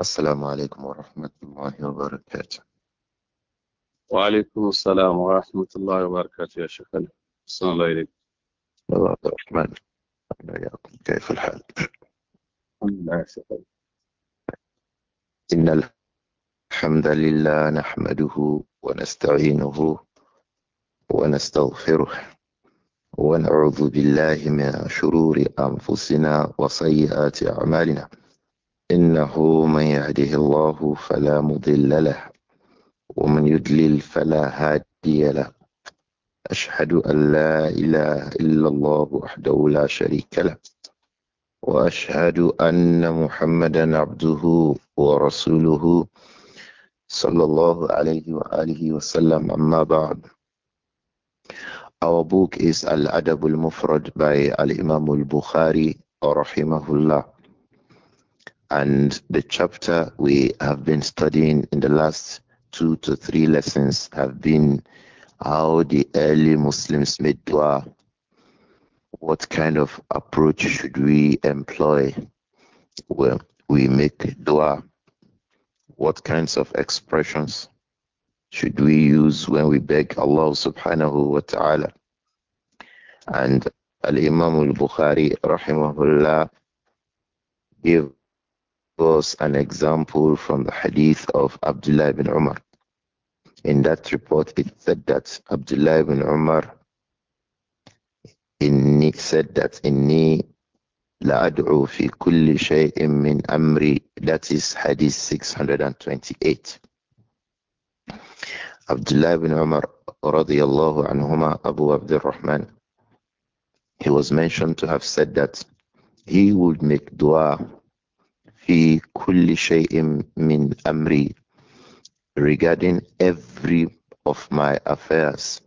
السلام عليكم ورحمة الله وبركاته وعليكم السلام ورحمة الله وبركاته يا شيخ السلام عليكم الله الرحمن الرحيم كيف الحال؟ الحمد لله يا شيخ إن الحمد لله نحمده ونستعينه ونستغفره ونعوذ بالله من شرور أنفسنا وسيئات أعمالنا إنه من يهده الله فلا مضل له ومن يدلل فلا هادي له أشهد أن لا إله إلا الله وحده لا شريك له وأشهد أن محمدا عبده ورسوله صلى الله عليه وآله وسلم أما بعد Our book is Al-Adab al-Mufrad by Al-Imam al-Bukhari rahimahullah And the chapter we have been studying in the last two to three lessons have been how the early Muslims made dua. What kind of approach should we employ? when we make dua. What kinds of expressions should we use when we beg Allah subhanahu wa ta'ala? And Al Imam al Bukhari, rahimahullah, give. Was an example from the hadith of Abdullah ibn Umar. In that report, it said that Abdullah ibn Umar inni, said that inni la'ad'u fi kulli shay'in min amri. That is hadith 628. Abdullah ibn Umar radiyallahu anhuma Abu Abdurrahman. He was mentioned to have said that he would make dua fi kulli shay'in min amri regarding every of my affairs.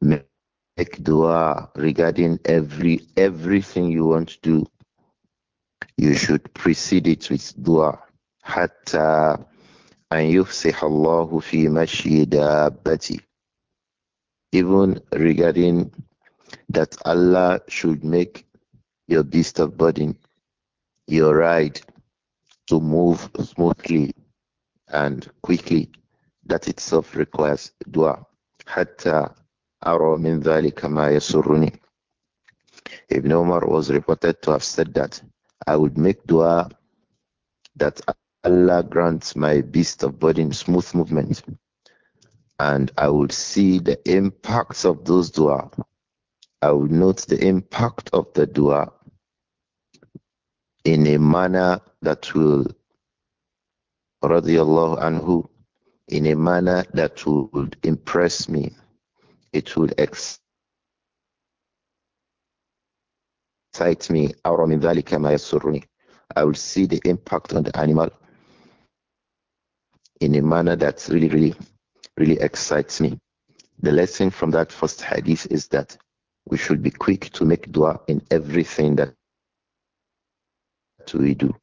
Make dua regarding every everything you want to do. You should precede it with dua. Hatta أن يفسح الله في مشي دابتي even regarding that Allah should make your beast of burden your ride to move smoothly and quickly. That itself requires dua. Hatta أرى من ذلك ما Ibn Umar was reported to have said that I would make dua that Allah grants my beast of burden smooth movement, and I would see the impacts of those dua. I would note the impact of the dua in a manner that will radiallahu anhu in a manner that would impress me. It would excite me. I will see the impact on the animal in a manner that really, really, really excites me. The lesson from that first hadith is that we should be quick to make dua in everything that we do.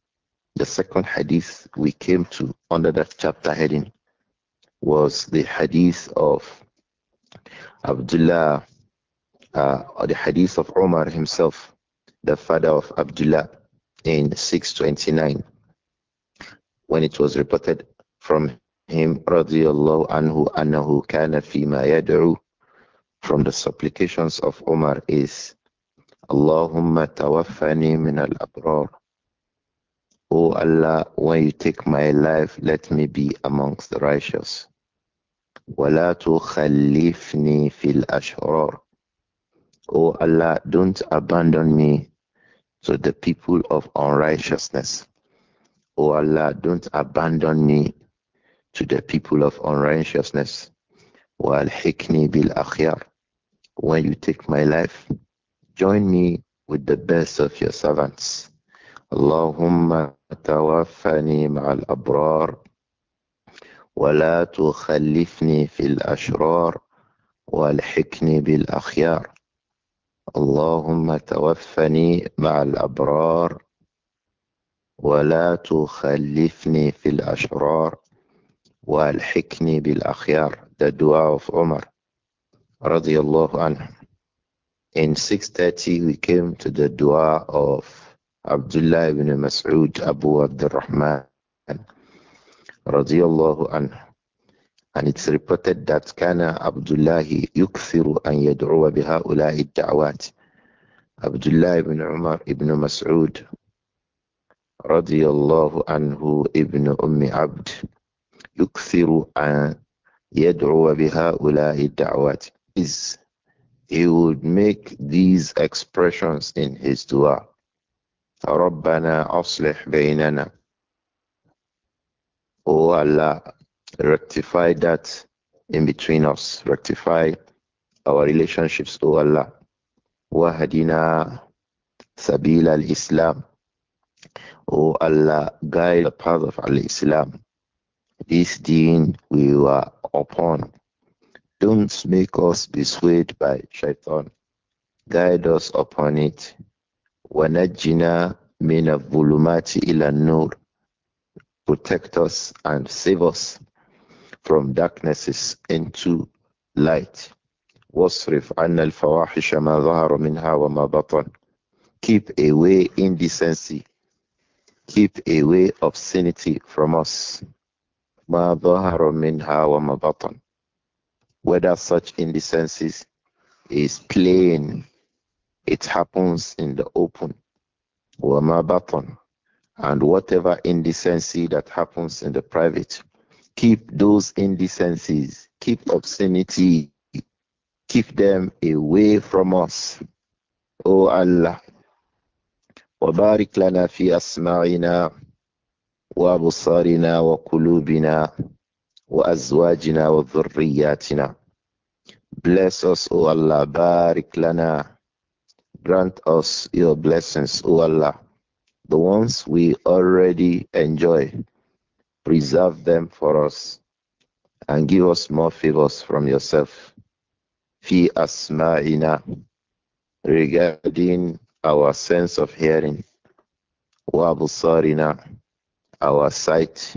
The second hadith we came to under that chapter heading was the hadith of Abdullah, uh, or the hadith of Omar himself, the father of Abdullah, in 629, when it was reported from him, radiallahu anhu, annahu kana fima yad'u, from the supplications of Omar is, Allahumma tawaffani min al-abrar, O oh Allah, when you take my life, let me be amongst the righteous. وَلَا تُخَلِّفْنِي فِي الْأَشْرَارِ O oh Allah, don't abandon me to the people of unrighteousness. O oh Allah, don't abandon me to the people of unrighteousness. وَالْحِكْنِي بِالْأَخْيَارِ When you take my life, join me with the best of your servants. اللهم توفني مع الأبرار ولا تخلفني في الأشرار والحكني بالأخيار اللهم توفني مع الأبرار ولا تخلفني في الأشرار والحكني بالأخيار The dua of Umar رضي الله عنه In 6.30 we came to the dua of Abdullah ibn Mas'ud Abu Abdurrahman radiallahu anhu. And it's reported that Kana Abdullah yukthiru an yad'uwa biha'ula'i da'wat. Abdullah ibn Umar ibn Mas'ud radiallahu anhu ibn Ummi Abd yukthiru an yad'uwa biha'ula'i da'wat. Is he would make these expressions in his dua. ربنا أصلح بيننا Oh Allah, rectify that in between us. Rectify our relationships, O oh Allah. Wahadina Sabil al Islam. O Allah, guide the path of Al Islam. This deen we were upon. Don't make us be swayed by shaitan. Guide us upon it wanajina mina vulumati ila nur protect us and save us from darknesses into light wasrif anna al-fawahisha ma dhahara minha wa ma batan keep away indecency keep away obscenity from us ma dhahara minha wa ma batan whether such indecencies is plain it happens in the open. And whatever indecency that happens in the private, keep those indecencies, keep obscenity, keep them away from us. O oh Allah, وبارك لنا في أسماعنا وأبصارنا وقلوبنا وأزواجنا وذرياتنا Bless us, O Allah, barik لنا. Grant us your blessings, O Allah, the ones we already enjoy. Preserve them for us and give us more favors from yourself. Fi asma'ina regarding our sense of hearing. Wa busarina our sight.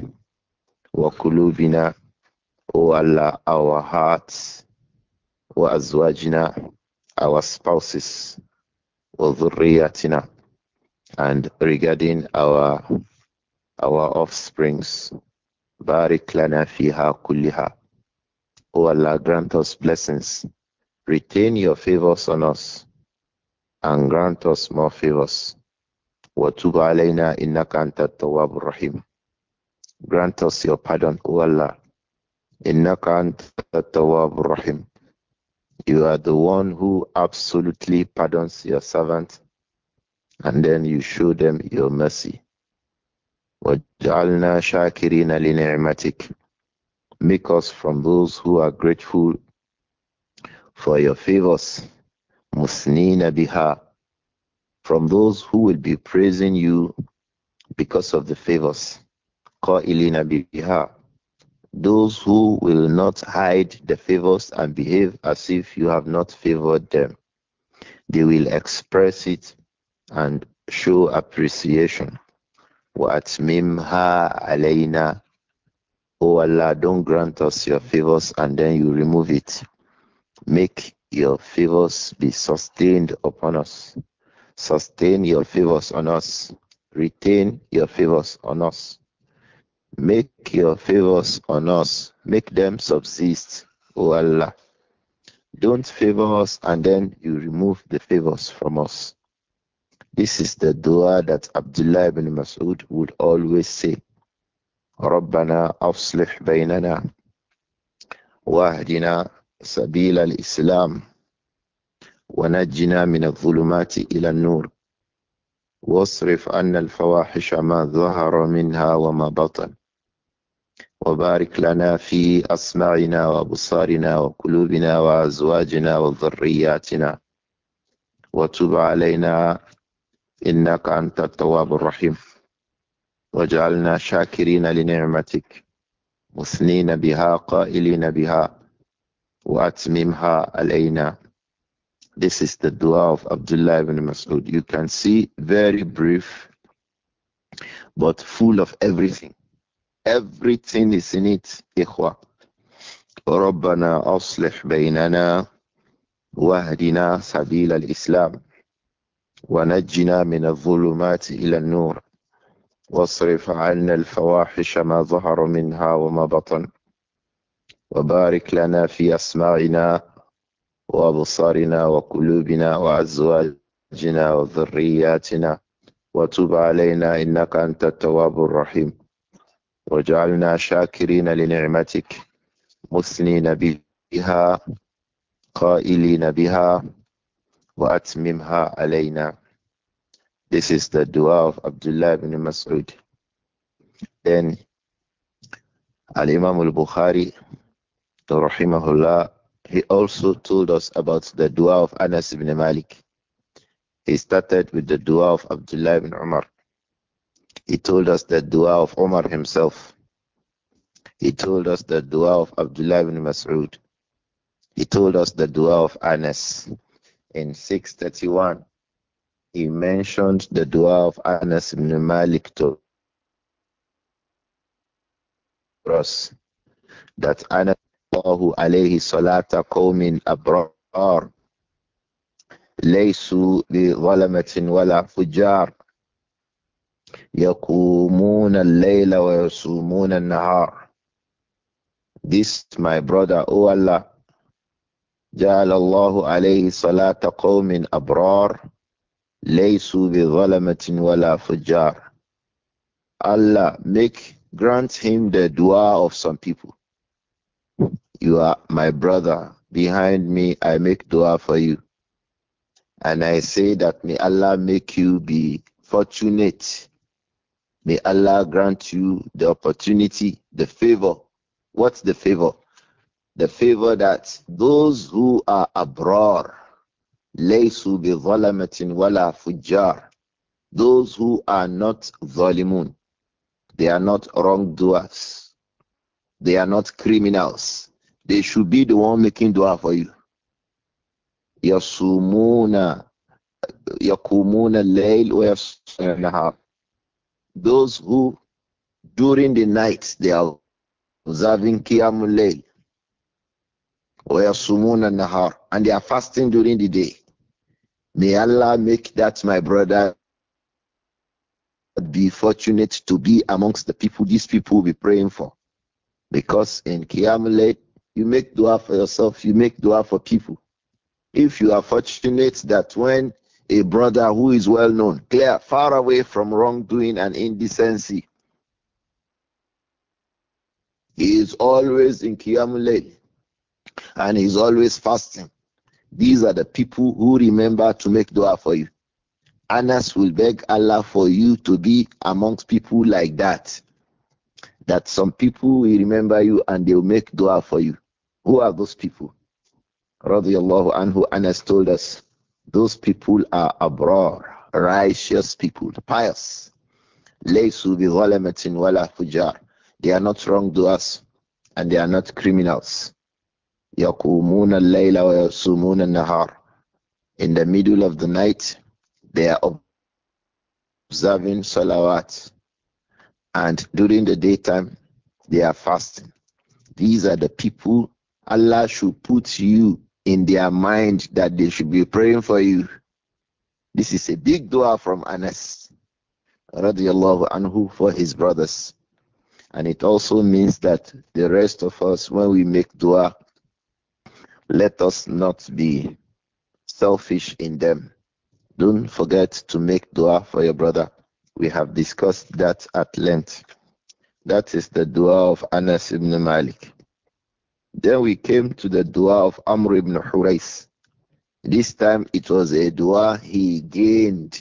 Wa kulubina O Allah, our hearts. Wa azwajina our spouses. وَذُرِّيَّتِنَا and regarding our our offsprings barik fiha kulliha O Allah grant us blessings retain your favors on us and grant us more favors وَتُبْ عَلَيْنَا إِنَّكَ أَنْتَ التَّوَّابُ الرَّحِيمُ Grant us your pardon, O Allah. إِنَّكَ أَنْتَ التَّوَّابُ الرَّحِيمُ you are the one who absolutely pardons your servant, and then you show them your mercy. وَجَعَلْنَا شَاكِرِينَ لِنِعْمَتِكَ Make us from those who are grateful for your favors. مُسْنِينَ بِهَا From those who will be praising you because of the favors. قَائِلِينَ بِهَا those who will not hide the favors and behave as if you have not favored them. They will express it and show appreciation. Mimha alayna, Oh Allah, don't grant us your favors and then you remove it. Make your favors be sustained upon us. Sustain your favors on us. Retain your favors on us. Make your favors on us, make them subsist, O Allah. Don't favor us and then you remove the favors from us. This is the dua that Abdullah ibn Mas'ud would always say. ربنا أصلح بيننا واهدنا سبيل الإسلام ونجنا من الظلمات إلى النور واصرف عنا الفواحش ما ظهر منها وما بطن وبارك لنا في أسماعنا وبصارنا وقلوبنا وأزواجنا وذرياتنا وتب علينا إنك أنت التواب الرحيم وجعلنا شاكرين لنعمتك مثنين بها قائلين بها وأتممها علينا This is the dua of Abdullah ibn Mas'ud. You can see very brief but full of everything. Everything is in it, إخوة. ربنا أصلح بيننا واهدنا سبيل الإسلام ونجنا من الظلمات إلى النور واصرف عنا الفواحش ما ظهر منها وما بطن وبارك لنا في أسماعنا وأبصارنا وقلوبنا وأزواجنا وذرياتنا وتب علينا إنك أنت التواب الرحيم وجعلنا شاكرين لنعمتك مثنين بها قائلين بها وأتممها علينا This is the dua of Abdullah ibn Mas'ud. Then Al-Imam al-Bukhari, rahimahullah, he also told us about the dua of Anas ibn Malik. He started with the dua of Abdullah ibn Umar. He told us the dua of Omar himself. He told us the dua of Abdullah ibn Mas'ud. He told us the dua of Anas. In 631, he mentioned the dua of Anas ibn Malik to us. That Anas alayhi salata qawmin abrar. ليسوا بظلمة ولا فجار يَقُومُونَ اللَّيْلَ وَيَصُومُونَ النَّهَارَ This, my brother, O oh Allah, جعل الله عليه صلاة قوم أبرار ليسوا بظلمة ولا فجار Allah make grant him the dua of some people. You are my brother. Behind me, I make dua for you. And I say that may Allah make you be fortunate May Allah grant you the opportunity, the favor. What's the favor? The favor that those who are abroad, laysu bi zalamatin wala those who are not zalimun, they are not wrongdoers, they are not criminals. They should be the one making dua for you. يصومون يقومون الليل ويصومون النهار those who during the night they are observing Qiyamul or Sumun and Nahar and they are fasting during the day. May Allah make that my brother be fortunate to be amongst the people these people will be praying for. Because in Qiyamul you make dua for yourself, you make dua for people. If you are fortunate that when a brother who is well known, clear, far away from wrongdoing and indecency. He is always in Qiyamul and he's always fasting. These are the people who remember to make dua for you. Anas will beg Allah for you to be amongst people like that. That some people will remember you and they will make dua for you. Who are those people? Radiallahu anhu, Anas told us those people are abroad, righteous people, pious. They are not wrongdoers and they are not criminals. In the middle of the night, they are observing salawat. And during the daytime, they are fasting. These are the people Allah should put you in their mind that they should be praying for you. This is a big dua from Anas radiallahu anhu for his brothers. And it also means that the rest of us, when we make dua, let us not be selfish in them. Don't forget to make dua for your brother. We have discussed that at length. That is the dua of Anas ibn Malik. Then we came to the dua of Amr ibn Hurais. This time it was a dua he gained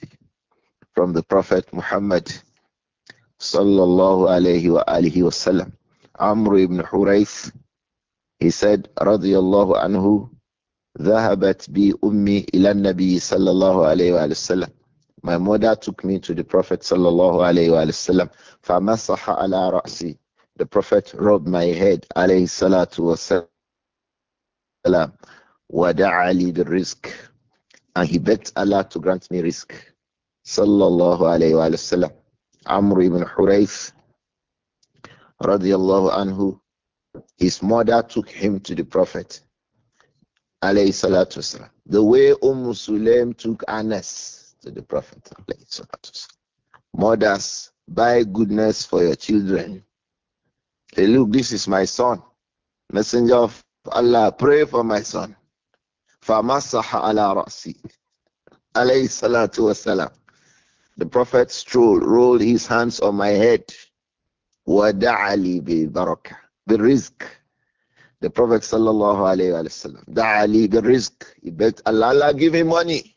from the Prophet Muhammad sallallahu alayhi wa alihi wasallam. Amr ibn Hurais, he said, radiyallahu anhu, ذهبت بي أمي إلى النبي صلى الله عليه وآله وسلم. My mother took me to the Prophet sallallahu alayhi wa sallam. فمسح على رأسي the Prophet rubbed my head, alayhi salatu wasalam, wada'ali the risk, And he begged Allah to grant me risk. Sallallahu alayhi wa sallam. Amr ibn Hurayf, radiallahu anhu, his mother took him to the Prophet, alayhi salatu wasalam. The way Umm Sulaim took Anas to the Prophet, alayhi salatu wasalam. Mothers, buy goodness for your children Hey, look, this is my son. Messenger of Allah, pray for my son. فَمَسَحَ ala رَأْسِي alayhi salatu The Prophet strolled, rolled his hands on my head. وَدَعَلِي bi baraka, The Prophet sallallahu alayhi wa sallam. دَعَلِي بِالرِّزْقِ He begged Allah, Allah give him money.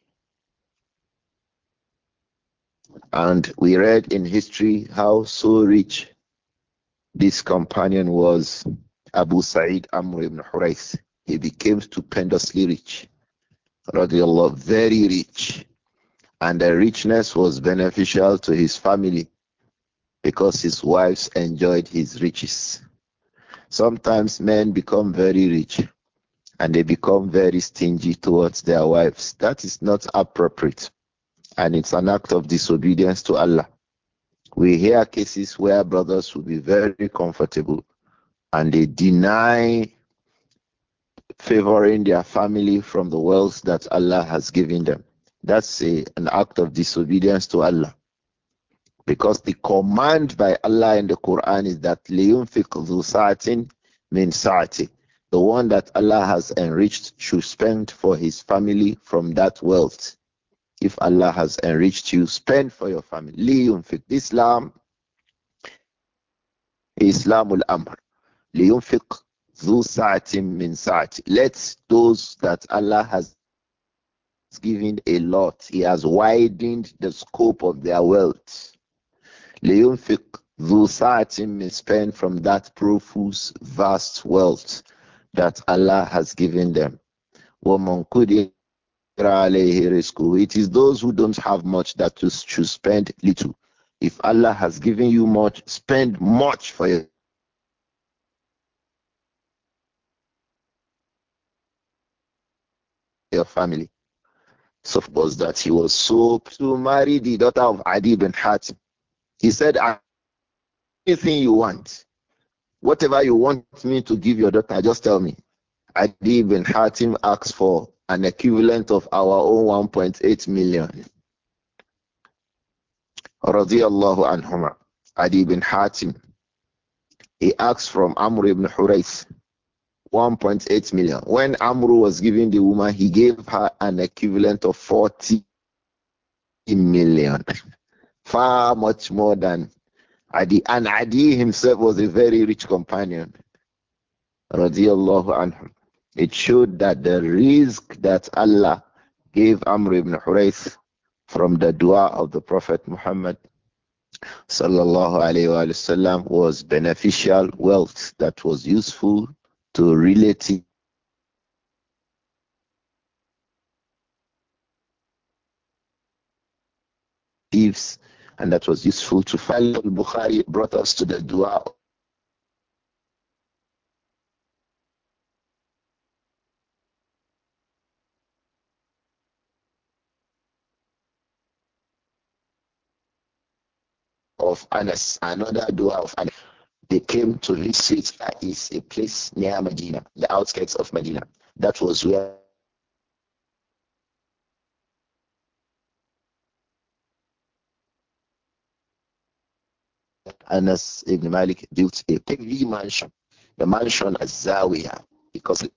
And we read in history how so rich this companion was Abu Sa'id Amr ibn Hurais. He became stupendously rich, radiallahu, very rich. And the richness was beneficial to his family because his wives enjoyed his riches. Sometimes men become very rich and they become very stingy towards their wives. That is not appropriate and it's an act of disobedience to Allah. We hear cases where brothers will be very comfortable and they deny favoring their family from the wealth that Allah has given them. That's a, an act of disobedience to Allah. Because the command by Allah in the Quran is that لِيُنْفِقْ ذُو means مِنْ The one that Allah has enriched should spend for his family from that wealth. If Allah has enriched you, spend for your family. Liyunfik. Islam Islamul Amr. Liyunfik dhu sa'atim min sa'ati. Let those that Allah has given a lot, He has widened the scope of their wealth. Liyunfik dhu sa'atim min spend from that profuse vast wealth that Allah has given them. Woman could. It is those who don't have much that should spend little. If Allah has given you much, spend much for your family. So was that he was so to marry the daughter of Adi bin Hatim. He said, anything you want, whatever you want me to give your daughter, just tell me. Adi bin Hatim asked for an equivalent of our own 1.8 million. Radiallahu anhuma. Adi ibn Hatim. He asked from Amr ibn Hurais 1.8 million. When Amr was giving the woman, he gave her an equivalent of 40 million. Far much more than Adi. And Adi himself was a very rich companion. Radiallahu anhum. It showed that the risk that Allah gave Amr ibn Hurais from the dua of the Prophet Muhammad sallallahu alayhi wasallam was beneficial wealth that was useful to thieves and that was useful to follow. Bukhari brought us to the dua of Anas, another dua of Anas. They came to visit. Is a place near Medina, the outskirts of Medina. That was where Anas ibn Malik built a big mansion, the mansion as Zawiya, because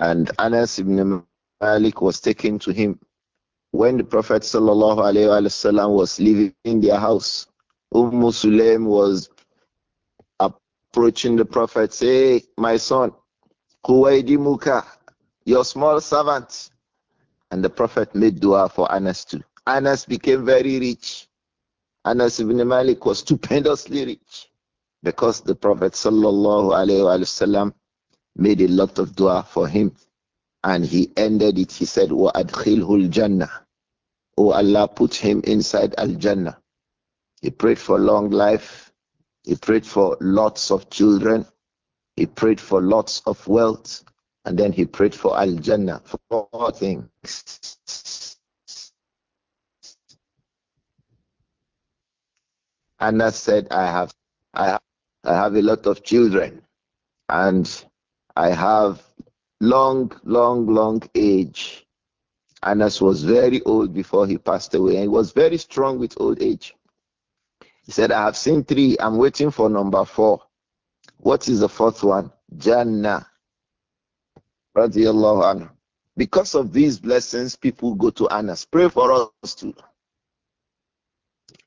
And Anas ibn Malik was taken to him when the Prophet ﷺ was living in their house. Umm Sulaim was approaching the Prophet, say, hey, my son, Muka, your small servant. And the Prophet made dua for Anas too. Anas became very rich. Anas ibn Malik was stupendously rich because the Prophet sallallahu alaihi wasallam made a lot of dua for him. And he ended it, he said, Wa adkhilhul jannah. Oh Allah, put him inside Al Jannah. He prayed for long life. He prayed for lots of children. He prayed for lots of wealth. And then he prayed for Al Jannah, for all things. Anna said, I have, I have, I have a lot of children. And I have long, long, long age. Anas was very old before he passed away, and he was very strong with old age. He said, I have seen three, I'm waiting for number four. What is the fourth one? Jannah. Because of these blessings, people go to Anas. Pray for us too.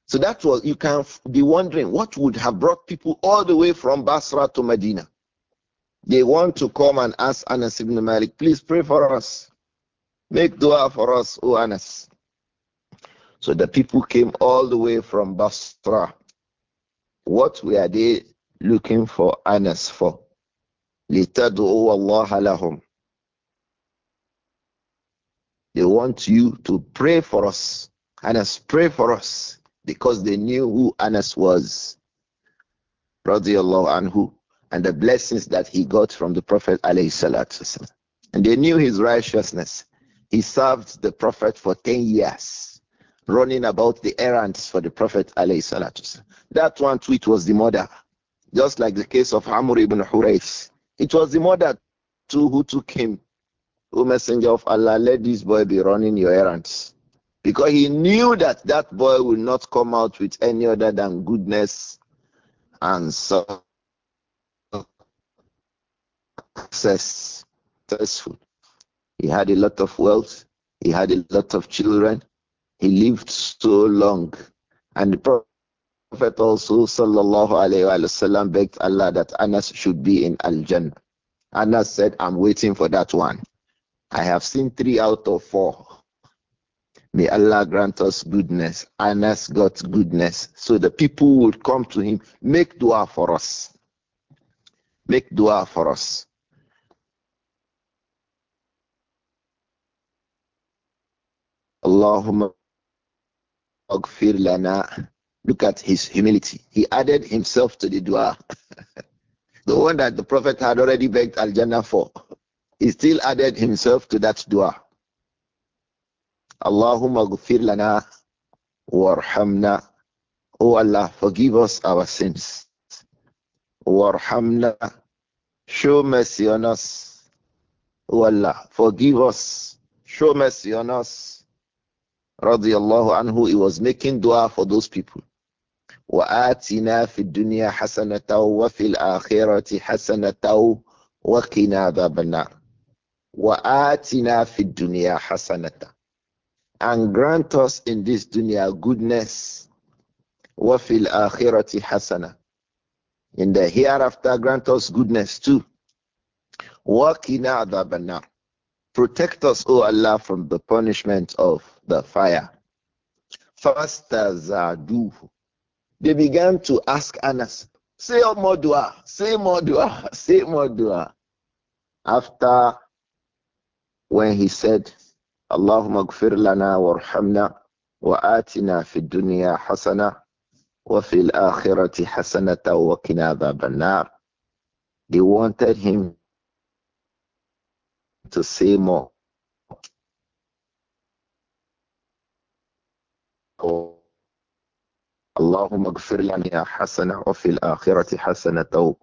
So that was, you can be wondering what would have brought people all the way from Basra to Medina. They want to come and ask Anas ibn Malik, please pray for us. Make dua for us, O Anas. So the people came all the way from Basra. What were they looking for Anas for? لِتَدْعُوا اللَّهَ لَهُمْ They want you to pray for us. Anas, pray for us. Because they knew who Anas was. رضي الله عنه and the blessings that he got from the Prophet And they knew his righteousness. He served the Prophet for 10 years, running about the errands for the Prophet That one tweet was the mother, just like the case of Amr ibn Hurayf. It was the mother too who took him. O Messenger of Allah, let this boy be running your errands. Because he knew that that boy will not come out with any other than goodness and so successful. He had a lot of wealth. He had a lot of children. He lived so long. And the Prophet also, sallallahu alayhi wa sallam, begged Allah that Anas should be in Al Jannah. Anas said, I'm waiting for that one. I have seen three out of four. May Allah grant us goodness. Anas got goodness. So the people would come to him, make dua for us. Make dua for us. Allahumma aghfir lana. Look at his humility. He added himself to the dua. the one that the Prophet had already begged Al Jannah for. He still added himself to that dua. Allahumma ghafir lana warhamna. O oh Allah, forgive us our sins. Warhamna. Show mercy on us. O oh Allah, forgive us. Show mercy on us radiallahu anhu, he was making dua for those people. وآتنا في الدنيا حسنة وفي الآخرة حسنة وقنا عذاب النار وآتنا في الدنيا حسنة and grant us in this dunya goodness وفي الآخرة حسنة in the hereafter grant us goodness too وقنا عذاب النار Protect us, O Allah, from the punishment of the fire. Fast as they began to ask Anas, say more dua, say more dua, say more dua. After when he said, Allahumma gfir lana warhamna wa atina fid dunya hasana wa fil akhirati hasanata wa qina adhaban They wanted him to say more. اللهم اغفر لنا حسنة وفي الآخرة حسنة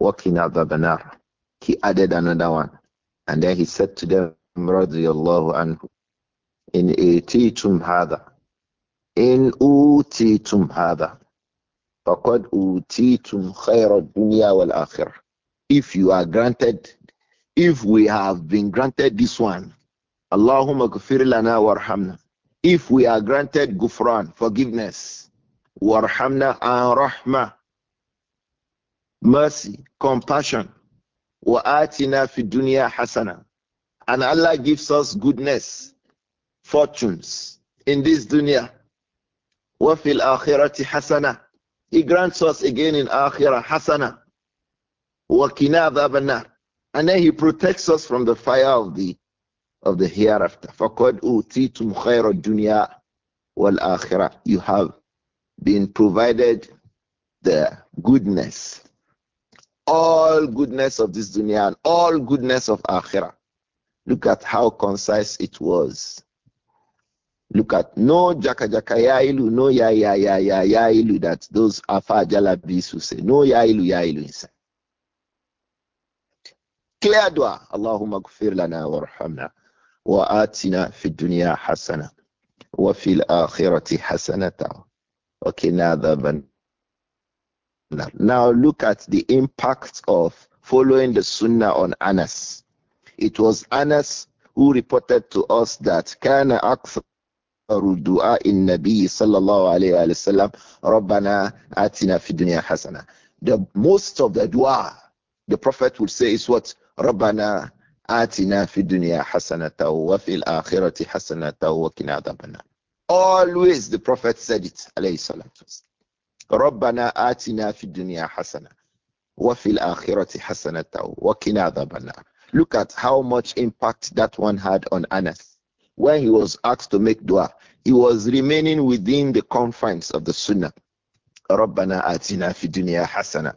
وقنا عذاب النار He added another one and then he said to them رضي الله عنه إن أوتيتم هذا إن أوتيتم هذا فقد أوتيتم خير الدنيا والآخرة If you are granted if we have been granted this one, Allahumma gufir lana warhamna. If we are granted gufran, forgiveness, warhamna and rahmah, mercy, compassion, wa atina fi dunya hasana. And Allah gives us goodness, fortunes in this dunya. Wa fil akhirati hasana. He grants us again in akhirah hasana. Wa kina banar and then he protects us from the fire of the of the hereafter. فَقَدْ You have been provided the goodness, all goodness of this dunya and all goodness of akhirah. Look at how concise it was. Look at no jaka jaka yailu, no ya ya ya ya yailu that those afa jalabis who say no yailu yailu inside. Clear dua. Allahumma gfir lana warhamna wa atina fid dunya hasana wa fil akhirati hasanata wa qina adhaban Now look at the impact of following the sunnah on Anas. It was Anas who reported to us that kana akthar دعاء النبي صلى الله عليه وسلم ربنا Rabbana في الدنيا حسنة The most of the dua the Prophet would say is what? ربنا آتنا في الدنيا حسنة وفي الآخرة حسنة وقنا عذاب النار Always the Prophet said it عليه الصلاة والسلام ربنا آتنا في الدنيا حسنة وفي الآخرة حسنة وقنا عذاب النار Look at how much impact that one had on Anas. When he was asked to make dua, he was remaining within the confines of the Sunnah. ربنا آتنا في الدنيا حسنة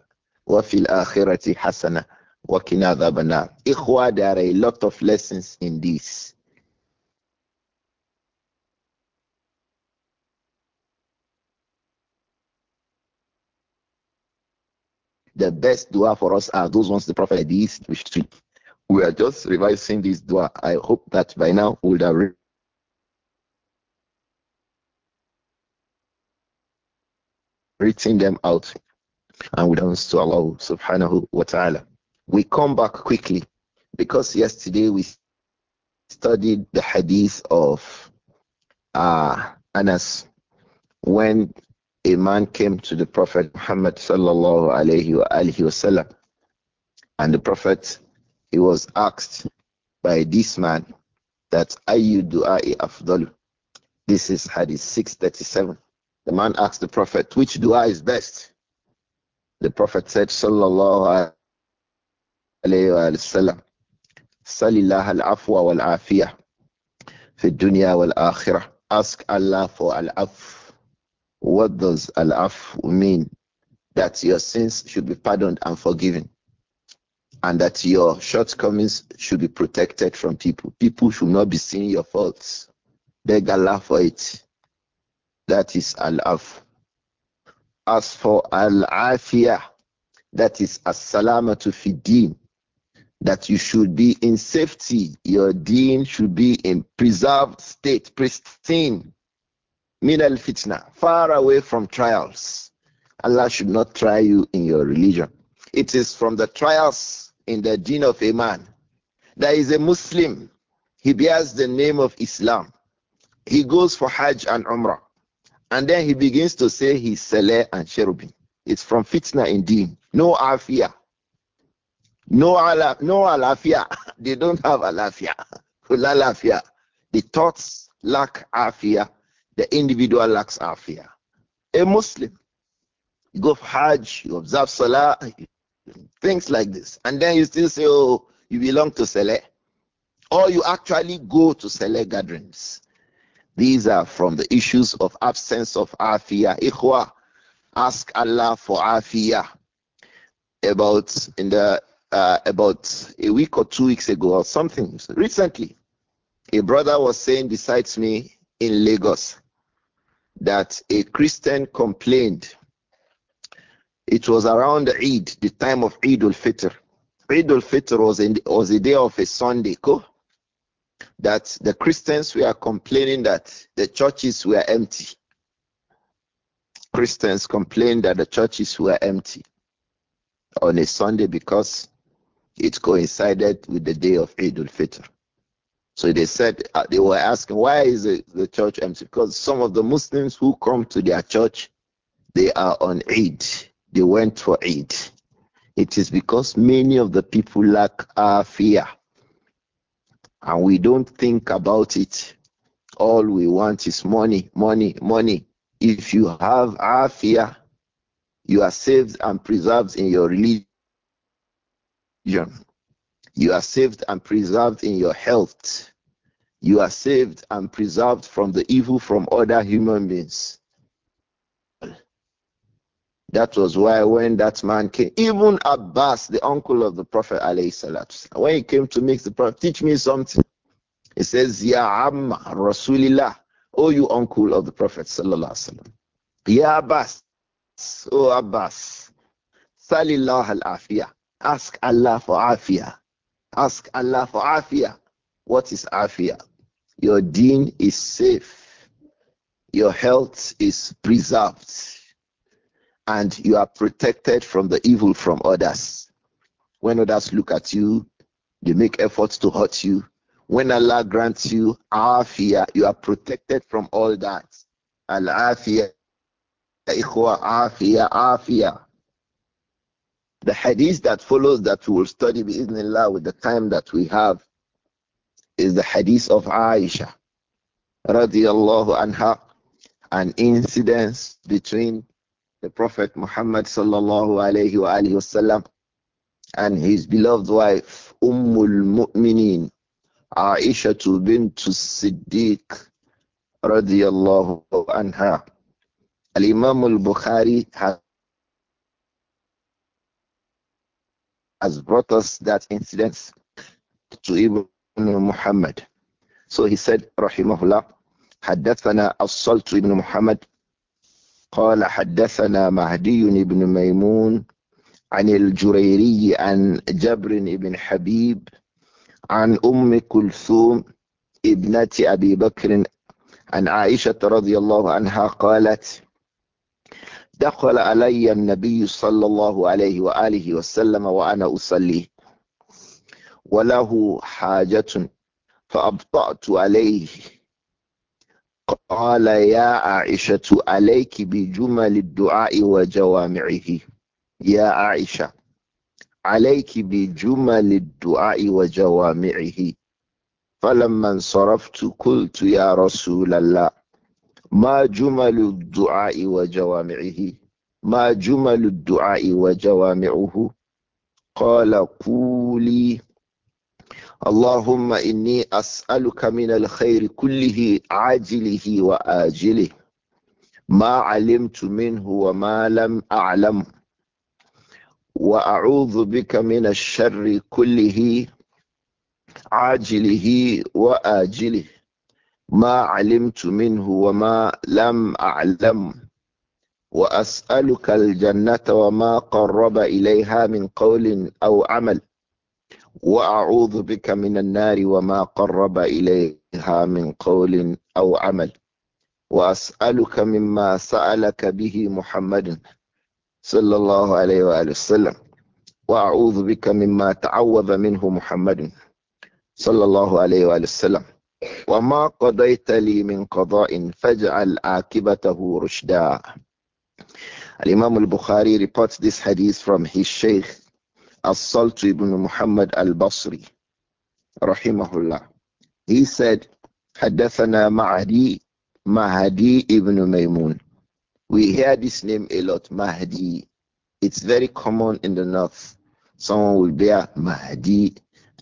وفي الآخرة حسنة Working Wakina Dabana. Ikhwa, there are a lot of lessons in this. The best dua for us are those ones the Prophet did. We are just revising this dua. I hope that by now we would have written them out and we don't to Allah subhanahu wa ta'ala. We come back quickly because yesterday we studied the hadith of uh, Anas when a man came to the Prophet Muhammad sallallahu alayhi wa wasallam and the Prophet he was asked by this man that ayu du'a'i afdalu this is hadith 637 the man asked the Prophet which dua is best the Prophet said sallallahu alayhi wa sallam salillah al-afwa wal-afiyah fi dunya akhirah ask Allah for al-af what does al-af mean that your sins should be pardoned and forgiven and that your shortcomings should be protected from people people should not be seeing your faults beg Allah for it that is al-af as for al-afiyah that is as-salamatu fi din that you should be in safety. Your deen should be in preserved state, pristine, min al fitna, far away from trials. Allah should not try you in your religion. It is from the trials in the deen of a man. There is a Muslim, he bears the name of Islam. He goes for Hajj and Umrah. And then he begins to say he's Saleh and Cherubim. It's from fitna in deen. No afia. No, ala, no alafia. They don't have alafia. Kulalafia. The thoughts lack afia. The individual lacks afia. A Muslim. You go for Hajj, you observe Salah, things like this. And then you still say, oh, you belong to Saleh. Or you actually go to Saleh gatherings. These are from the issues of absence of afia. Ikhwa, ask Allah for afia. About in the uh, about a week or two weeks ago or something recently, a brother was saying besides me in Lagos that a Christian complained. It was around Eid, the time of Eid al-Fitr. Eid al-Fitr was, in, was a day of a Sunday, that the Christians were complaining that the churches were empty. Christians complained that the churches were empty on a Sunday because it coincided with the day of Eid al-Fitr. So they said uh, they were asking why is it the church empty? Because some of the Muslims who come to their church, they are on Eid. They went for Eid. It is because many of the people lack our fear, and we don't think about it. All we want is money, money, money. If you have our fear, you are saved and preserved in your religion yeah. You are saved and preserved in your health. You are saved and preserved from the evil from other human beings. That was why when that man came, even Abbas, the uncle of the Prophet, when he came to make the Prophet, teach me something. He says, Ya Amma Rasulillah, O oh, you uncle of the Prophet, وسلم, Ya Abbas, O oh, Abbas, Salillah al Afiyah. Ask Allah for afia. Ask Allah for afia. What is afia? Your deen is safe. Your health is preserved. And you are protected from the evil from others. When others look at you, they make efforts to hurt you. When Allah grants you afia, you are protected from all that. Al afia, ikhwa afia, afia. The hadith that follows that we will study with the time that we have is the hadith of Aisha radiallahu anha an incident between the Prophet Muhammad sallallahu alayhi wa alayhi wasallam and his beloved wife Ummul Mu'minin Aisha bint Siddiq radiallahu anha. Al-Imam al-Bukhari has has brought us that incident to Ibn Muhammad. So he said, Rahimahullah, حدثنا الصلت بن محمد قال حدثنا مهدي بن ميمون عن الجريري عن جبر بن حبيب عن أم كلثوم ابنة أبي بكر عن عائشة رضي الله عنها قالت دخل علي النبي صلى الله عليه وآله وسلم وأنا أصلي وله حاجة فأبطأت عليه قال يا عائشة عليك بجمل الدعاء وجوامعه يا عائشة عليك بجمل الدعاء وجوامعه فلما انصرفت قلت يا رسول الله ما جمل الدعاء وجوامعه ما جمل الدعاء وجوامعه قال قولي اللهم إني أسألك من الخير كله عاجله وآجله ما علمت منه وما لم أعلم وأعوذ بك من الشر كله عاجله وآجله ما علمت منه وما لم أعلم وأسألك الجنة وما قرب إليها من قول أو عمل وأعوذ بك من النار وما قرب إليها من قول أو عمل وأسألك مما سألك به محمد صلى الله عليه وآله وسلم وأعوذ بك مما تعوذ منه محمد صلى الله عليه وآله وسلم وما قضيت لي من قضاء فاجعل عاقبته رشدا Imam al-Bukhari reports this hadith from his Shaykh As-Salt ibn Muhammad al-Basri rahimahullah he said حدثنا معدي Mahdi ibn Maymun we hear this name a lot Mahdi it's very common in the north someone will bear Mahdi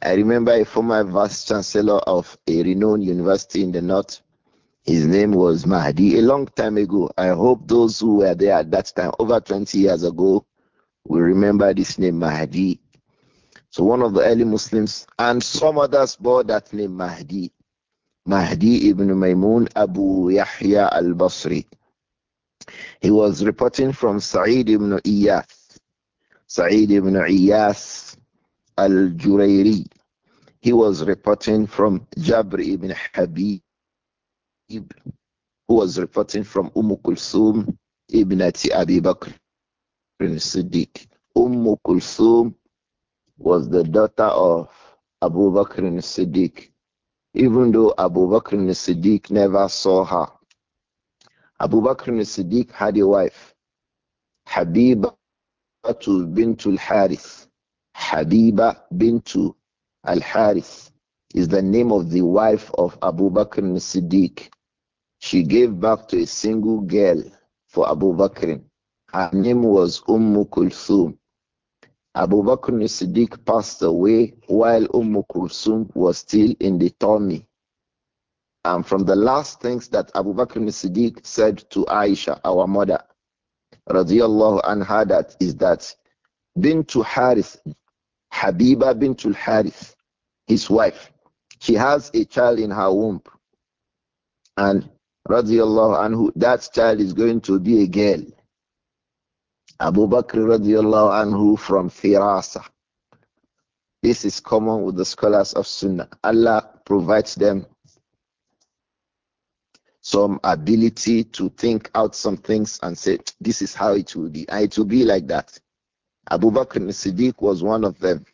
I remember a former vice chancellor of a renowned university in the north. His name was Mahdi a long time ago. I hope those who were there at that time, over 20 years ago, will remember this name Mahdi. So one of the early Muslims and some others bore that name Mahdi. Mahdi ibn Maymun Abu Yahya al-Basri. He was reporting from Sa'id ibn Iyas. Sa'id ibn Iyas al-Jurayri. He was reporting from Jabr ibn Habib, who was reporting from Umm Kulsum ibn Ati Abi Bakr ibn Siddiq. Umm Kulsum was the daughter of Abu Bakr ibn Siddiq, even though Abu Bakr ibn Siddiq never saw her. Abu Bakr ibn Siddiq had a wife, Habiba bintul Harith. Habiba bintu Al Harith is the name of the wife of Abu Bakr Siddiq. She gave birth to a single girl for Abu Bakr. Her name was Umm Kulthum. Abu Bakr Siddiq passed away while Umm Kulthum was still in the tummy. And from the last things that Abu Bakr Siddiq said to Aisha, our mother, radiallahu anha, that is that Bintu Harith, Habiba bintul Harith, his wife. She has a child in her womb. And radiallahu anhu, that child is going to be a girl. Abu Bakr radiallahu anhu from Firasa. This is common with the scholars of Sunnah. Allah provides them some ability to think out some things and say, this is how it will be. And it will be like that. Abu Bakr siddiq was one of them.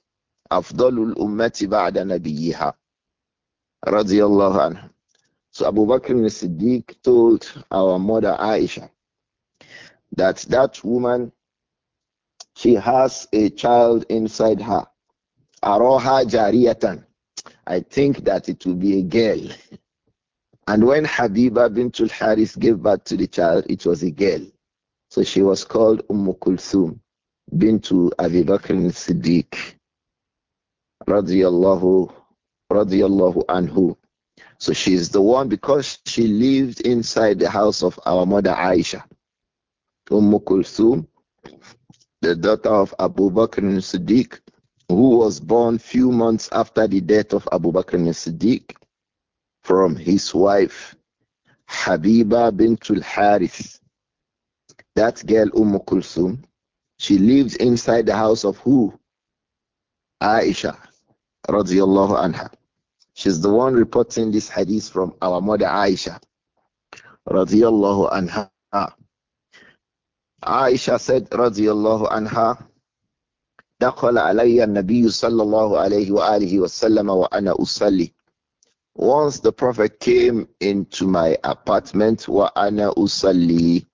أفضل الأمة بعد نبيها رضي الله عنه So Abu Bakr al-Siddiq told our mother Aisha that that woman, she has a child inside her. Aroha jariyatan. I think that it will be a girl. And when Habiba bintul Haris gave birth to the child, it was a girl. So she was called Umm Kulthum bintu Abu Bakr al-Siddiq radiallahu, radiallahu anhu. So she is the one because she lived inside the house of our mother Aisha. Umm Kulthum, the daughter of Abu Bakr al-Siddiq, who was born few months after the death of Abu Bakr al-Siddiq from his wife Habiba bint al-Harith. That girl Umm Kulthum, she lived inside the house of who? Aisha radiallahu anha. She's the one reporting this hadith from our mother Aisha radiallahu anha. Aisha said radiallahu anha دخل علي النبي صلى الله عليه وآله وسلم وأنا أصلي Once the Prophet came into my apartment وأنا أصلي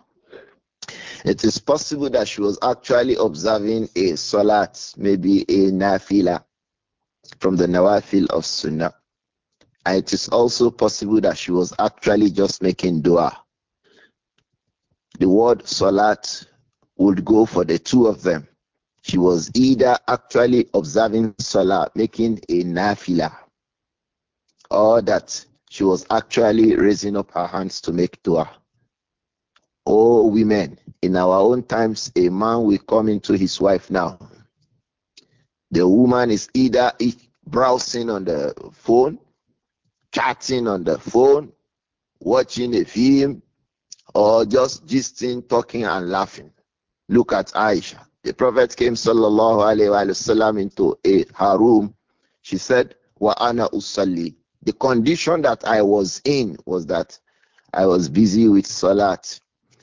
It is possible that she was actually observing a salat, maybe a nafila from the Nawafil of Sunnah. And it is also possible that she was actually just making dua. The word Salat would go for the two of them. She was either actually observing Salah, making a nafila, or that she was actually raising up her hands to make dua. Oh, women, in our own times, a man will come into his wife now. The woman is either browsing on the phone, chatting on the phone, watching a film, or just gisting, talking, and laughing. Look at Aisha. The Prophet came sallallahu alayhi wa, sallam, into a, her room. She said, Wa ana usalli. The condition that I was in was that I was busy with salat.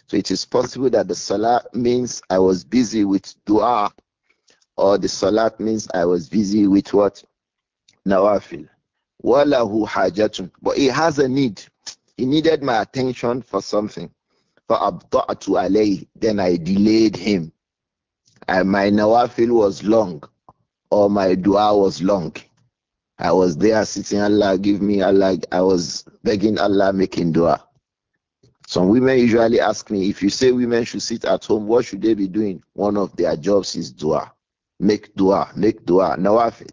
So it is possible that the salah means I was busy with dua or the salat means I was busy with what? Nawafil. Wallahu hajatun. But he has a need. He needed my attention for something. For abda'atu alayhi. Then I delayed him. And my nawafil was long. Or my dua was long. I was there sitting, Allah give me, Allah, I was begging Allah making dua. Some women usually ask me, if you say women should sit at home, what should they be doing? One of their jobs is dua. Make dua, make dua, nawafil.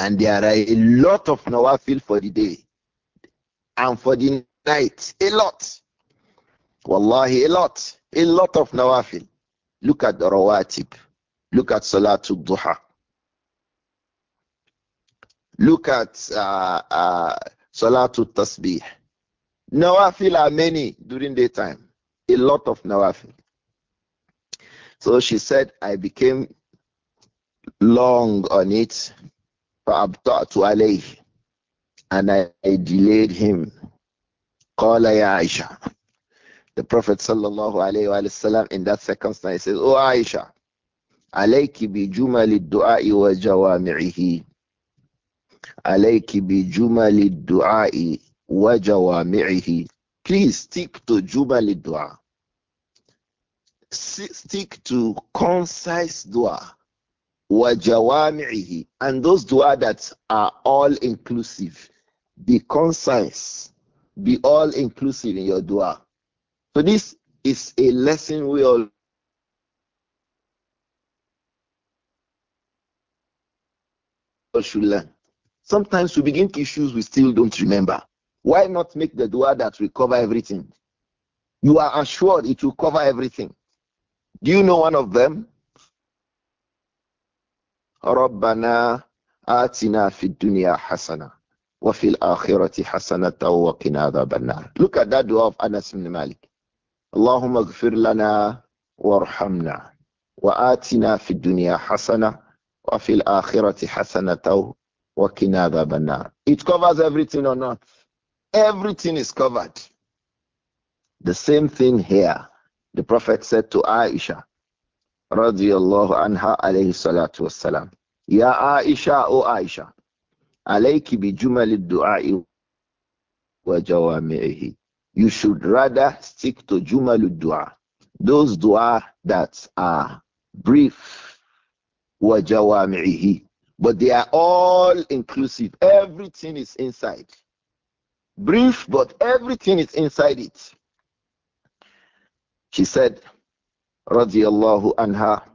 And there are a lot of nawafil for the day and for the night. A lot. Wallahi, a lot. A lot of nawafil. Look at the rawatib. Look at salatul duha. Look at uh, uh, salatul tasbih. Nawafil are many during daytime. A lot of nawafil. So she said, I became long on it, to Ali, and I, delayed him. Call Aisha. The Prophet sallallahu alayhi wa in that circumstance says, Oh Aisha, alayki bi jumali du'a'i wa jawami'ihi. Alayki bi jumali du'a'i wa jawami'ihi. Please stick to jumali du'a. Stick to concise du'a. وَجَوَامِعِهِ And those dua that are all inclusive, be concise, be all inclusive in your dua. So this is a lesson we all should learn. Sometimes we begin issues we still don't remember. Why not make the dua that will cover everything? You are assured it will cover everything. Do you know one of them? ربنا آتنا في الدنيا حسنة وفي الآخرة حسنة وقنا عذاب النار Look at that dua of Anas bin Malik اللهم اغفر لنا وارحمنا وآتنا في الدنيا حسنة وفي الآخرة حسنة وقنا عذاب النار It covers everything or not Everything is covered The same thing here The Prophet said to Aisha radiallahu anha alayhi salatu wassalam. Ya Aisha, O Aisha, alayki bi jumali du'a'i wa You should rather stick to jumalu du'a. Those du'a that are brief wa But they are all inclusive. Everything is inside. Brief, but everything is inside it. She said, رضي الله عنها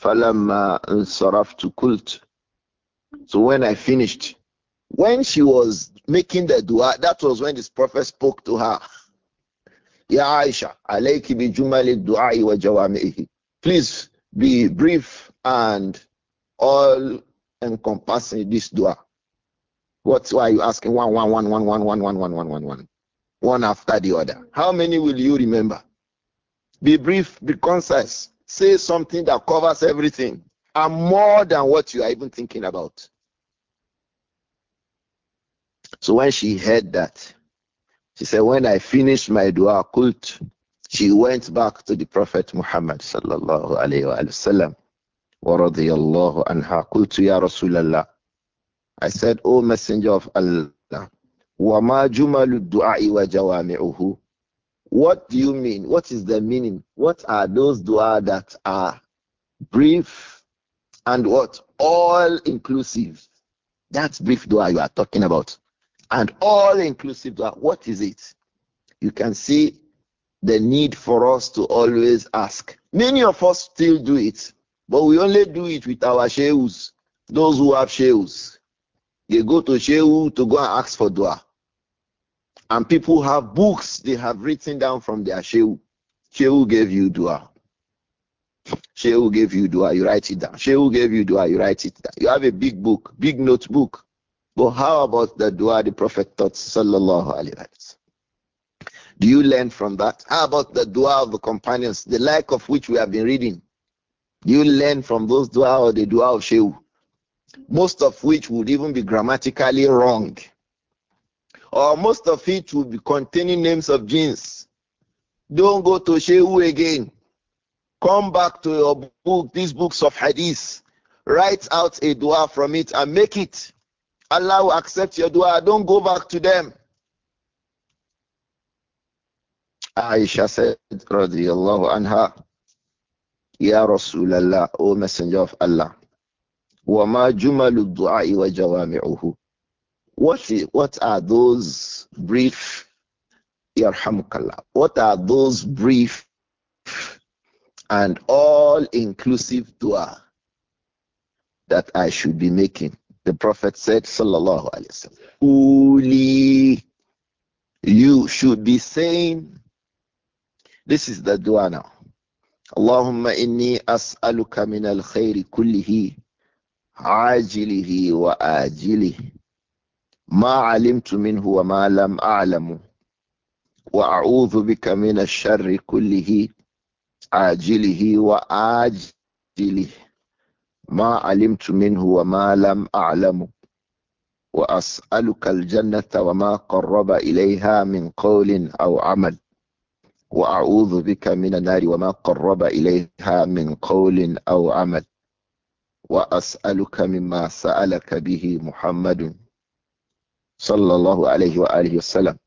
فلما انصرفت قلت So when I finished, when she was making the dua, that was when this prophet spoke to her. Ya Aisha, alayki bi jumali du'ai wa jawamihi. Please be brief and all encompassing this dua. What's why you asking one, one, one, one, one, one, one, one, one, one, one, one after the other? How many will you remember? Be brief, be concise. Say something that covers everything and more than what you are even thinking about. So when she heard that, she said, When I finished my dua cult, she went back to the Prophet Muhammad sallallahu alayhi wa sallam. ورضي الله عنها قلت I said, O Messenger of Allah, wa ma jumalud جمل wa وجوامعه what do you mean? What is the meaning? What are those dua that are brief and what? All inclusive. That's brief dua you are talking about. And all inclusive dua, what is it? You can see the need for us to always ask. Many of us still do it, but we only do it with our shehus, those who have shehus. They go to shehu to go and ask for dua. And people have books they have written down from their Shehu. Shehu gave you dua. Shehu gave you dua, you write it down. Shehu gave you dua, you write it down. You have a big book, big notebook. But how about the dua the Prophet taught, sallallahu alaihi wasallam? Do you learn from that? How about the dua of the companions, the like of which we have been reading? Do you learn from those dua or the dua of Shehu? Most of which would even be grammatically wrong or most of it will be containing names of jinns. Don't go to Shehu again. Come back to your book, these books of hadith. Write out a dua from it and make it. Allah will accept your dua. Don't go back to them. Aisha said, radiyallahu anha, Ya Rasulallah, O Messenger of Allah, wa ma jumalu du'a wa jawami'uhu. What, is, what are those brief, Yarhamukallah, what are those brief and all inclusive dua that I should be making? The Prophet said, Sallallahu Alaihi Wasallam, Uli, you should be saying, this is the dua now. Allahumma اللهم إني أسألك من الخير كله wa وآجله ما علمت منه وما لم أعلم وأعوذ بك من الشر كله عاجله وآجله ما علمت منه وما لم أعلم وأسألك الجنة وما قرب إليها من قول أو عمل وأعوذ بك من النار وما قرب إليها من قول أو عمل وأسألك مما سألك به محمد صلى الله عليه alihi wasallam.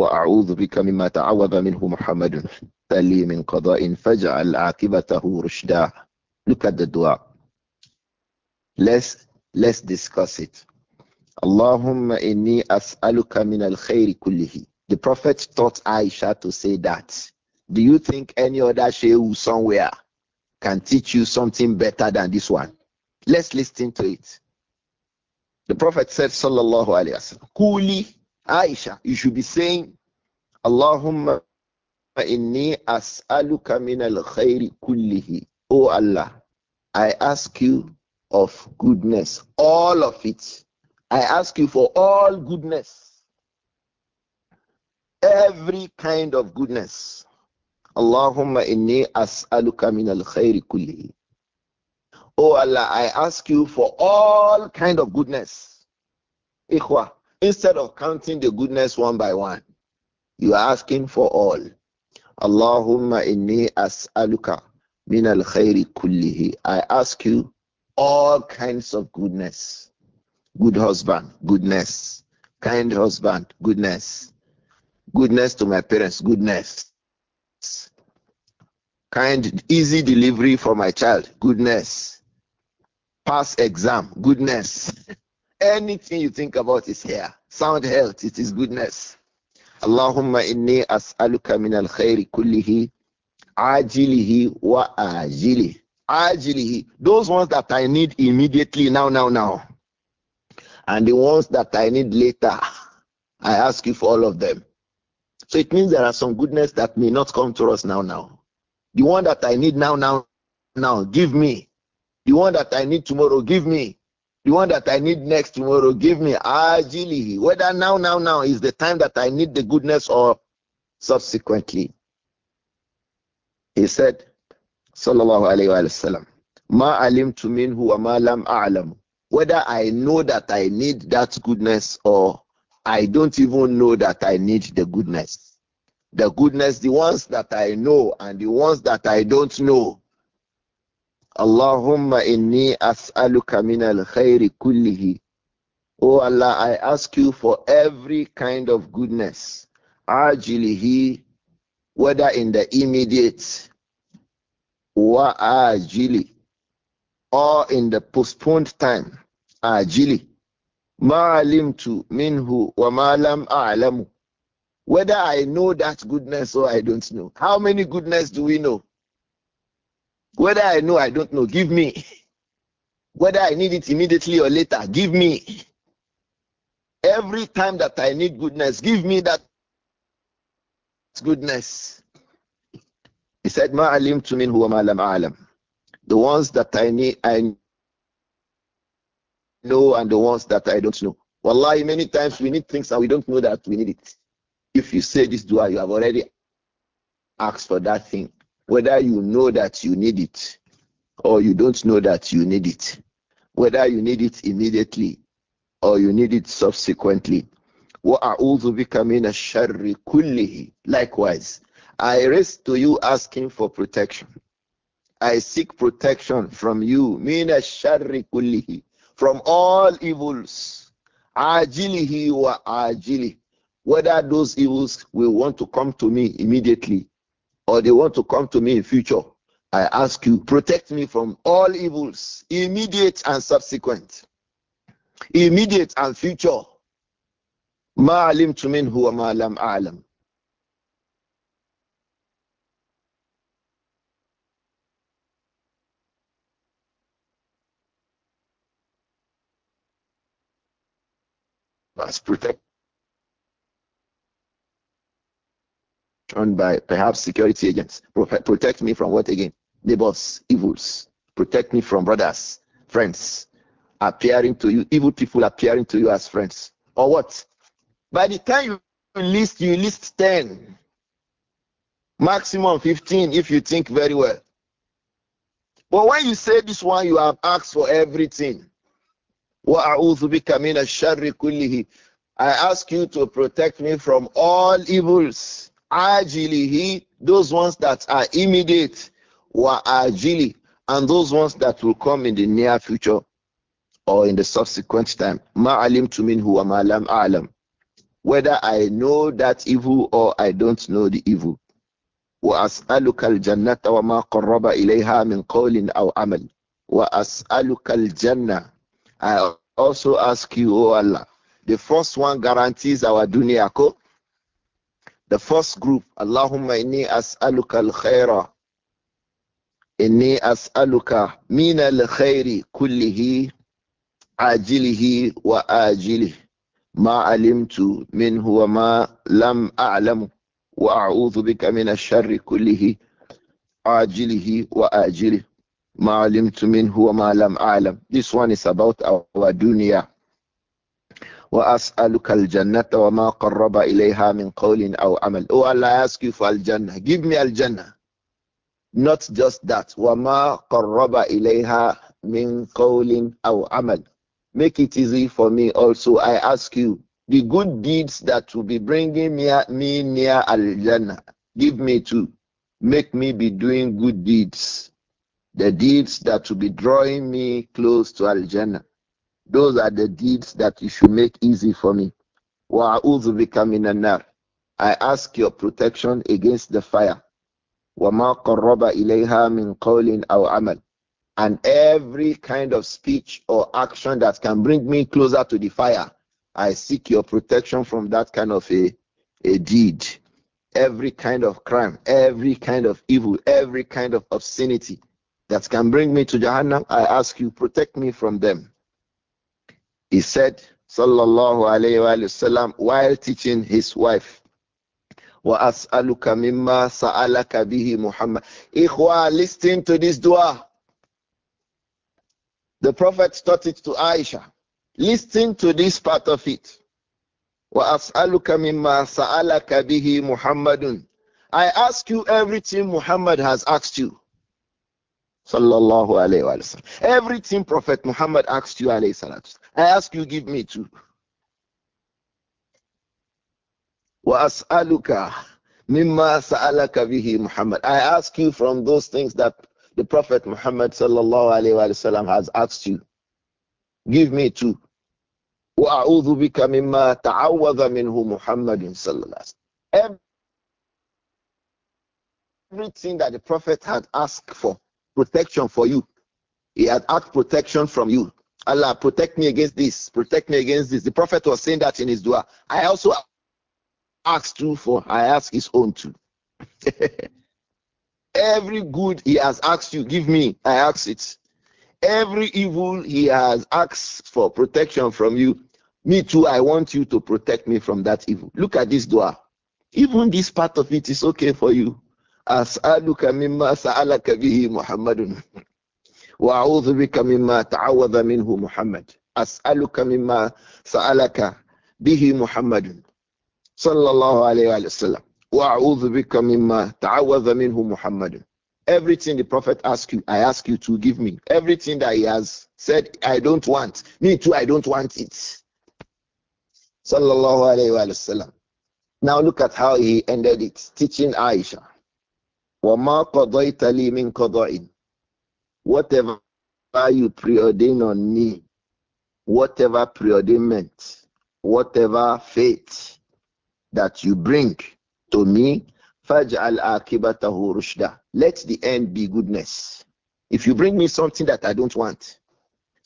وأعوذ بك مما تعوذ منه محمد تلي من قضاء فجعل عاقبته رشدا Look at the dua. Let's, let's discuss it. اللهم إني أسألك من الخير كله. The Prophet taught Aisha to say that. Do you think any other shehu somewhere can teach you something better than this one. Let's listen to it. The Prophet said, Sallallahu Alaihi Wasallam, Kuli Aisha, you should be saying, Allahumma inni as'aluka min al khairi kullihi. Oh Allah, I ask you of goodness, all of it. I ask you for all goodness, every kind of goodness. Allahumma inni as'aluka min al-khayri kullihi. Oh Allah, I ask you for all kind of goodness. Ikhwa, instead of counting the goodness one by one, you are asking for all. Allahumma inni as'aluka min al-khayri kullihi. I ask you all kinds of goodness. Good husband, goodness. Kind husband, goodness. Goodness to my parents, goodness. Kind, easy delivery for my child, goodness. Pass exam, goodness. Anything you think about is here. Sound health, it is goodness. Allahumma inni as'aluka min al-khayri kullihi ajilihi wa ajili. ajilihi those ones that i need immediately now now now and the ones that i need later i ask you for all of them so it means there are some goodness that may not come to us now. Now, the one that I need now, now, now, give me. The one that I need tomorrow, give me. The one that I need next tomorrow, give me. Ajilihi. Whether now, now, now is the time that I need the goodness or subsequently. He said, Sallallahu Alaihi Wasallam, Ma alim to min huwa ma lam a'lam. Whether I know that I need that goodness or I don't even know that I need the goodness. The goodness, the ones that I know and the ones that I don't know. Allahumma inni as'aluka min al-khayri kullihi. Oh Allah, I ask you for every kind of goodness. Ajilihi, whether in the immediate wa ajili or in the postponed time. Ajili Ma alimtu minhu wa ma lam a'lamu. Whether I know that goodness or I don't know. How many goodness do we know? Whether I know, I don't know. Give me. Whether I need it immediately or later, give me. Every time that I need goodness, give me that goodness. He said, Ma alimtu minhu wa ma lam a'lam. The ones that I need, I know and the ones that I don't know. Wallahi, many times we need things and we don't know that we need it. If you say this dua, you have already asked for that thing, whether you know that you need it or you don't know that you need it, whether you need it immediately or you need it subsequently. Likewise, I raise to you asking for protection. I seek protection from you. Mina sharri kullihi from all evils. Ajilihi wa ajili. Whether those evils will want to come to me immediately or they want to come to me in future, I ask you, protect me from all evils, immediate and subsequent, immediate and future. Maalim tumin huwa alam. Must protect, protection by perhaps security agents. Protect me from what again? Neighbors, evils. Protect me from brothers, friends, appearing to you, evil people appearing to you as friends. Or what? By the time you list, you list 10, maximum 15 if you think very well. But when you say this one, you have asked for everything. I ask you to protect me from all evils. Ajilihi, those ones that are immediate, wa ajili, and those ones that will come in the near future or in the subsequent time. Ma alim tu minhu maalam alam. Whether I know that evil or I don't know the evil. ma الجنة ilayha min إليها من amal. Wa as'aluka al-jannah. I also ask you, O Allah, the first one guarantees our dunya. Ko? The first group, Allahumma inni as'aluka al-khaira. Inni as'aluka min al-khairi kullihi ajilihi wa ajilihi. ما علمت منه a'lamu لم bika min al من kullihi ajilihi wa وآجله Maalim عَلِمْتُ مِنْهُ وَمَا لَمْ أَعْلَمْ This one is about our, dunya. our dunya. وأسألك wa ma قرب ilayha min قول أو amal. Oh Allah, I ask you for al-jannah. Give me al-jannah. Not just that. ma قرب ilayha min قول أو amal. Make it easy for me also. I ask you the good deeds that will be bringing me, me near al-jannah. Give me too. Make me be doing good deeds. The deeds that will be drawing me close to Al Jannah. Those are the deeds that you should make easy for me. وَأَعُوذُ بِكَ مِنَ النَّارِ I ask your protection against the fire. وَمَا قَرَّبَ إِلَيْهَا مِنْ قَوْلٍ أَوْ amal. And every kind of speech or action that can bring me closer to the fire, I seek your protection from that kind of a, a deed. Every kind of crime, every kind of evil, every kind of obscenity, that can bring me to Jahannam, I ask you, protect me from them. He said, Sallallahu Alaihi Wasallam, while teaching his wife, وَأَسْأَلُكَ مِمَّا سَأَلَكَ بِهِ Muhammad. Ikhwa, listen to this dua. The Prophet taught it to Aisha. Listen to this part of it. وَأَسْأَلُكَ مِمَّا سَأَلَكَ بِهِ Muhammadun. I ask you everything Muhammad has asked you. Sallallahu alayhi wa Everything Prophet Muhammad asked you, alayhi salatu. I ask you, give me too. وَأَسْأَلُكَ مِمَّا سَأَلَكَ بِهِ Muhammad. I ask you from those things that the Prophet Muhammad sallallahu alayhi wa sallam has asked you. Give me two. وَأَعُوذُ بِكَ مِمَّا تَعَوَّذَ مِنْهُ مُحَمَّدٍ صَلَّى اللَّهُ عليه Everything that the Prophet had asked for, protection for you. He had asked protection from you. Allah, protect me against this, protect me against this. The Prophet was saying that in his dua. I also asked too for, I ask his own too. Every good he has asked you, give me, I ask it. Every evil he has asked for protection from you, me too, I want you to protect me from that evil. Look at this dua. Even this part of it is okay for you. أسألك مما سألك به محمد وأعوذ بك مما تعوذ منه محمد أسألك مما سألك به محمد صلى الله عليه وسلم وأعوذ بك مما تعوذ منه محمد Everything the Prophet asked you, I ask you to give me. Everything that he has said, I don't want. Me too, I don't want it. Sallallahu alayhi wa Now look at how he ended it, teaching Aisha. وَمَا قَضَيْتَ لِي مِنْ Whatever you preordain on me, whatever preordainment, whatever fate that you bring to me, فَاجْعَلْ عَاقِبَتَهُ رُشْدًا Let the end be goodness. If you bring me something that I don't want,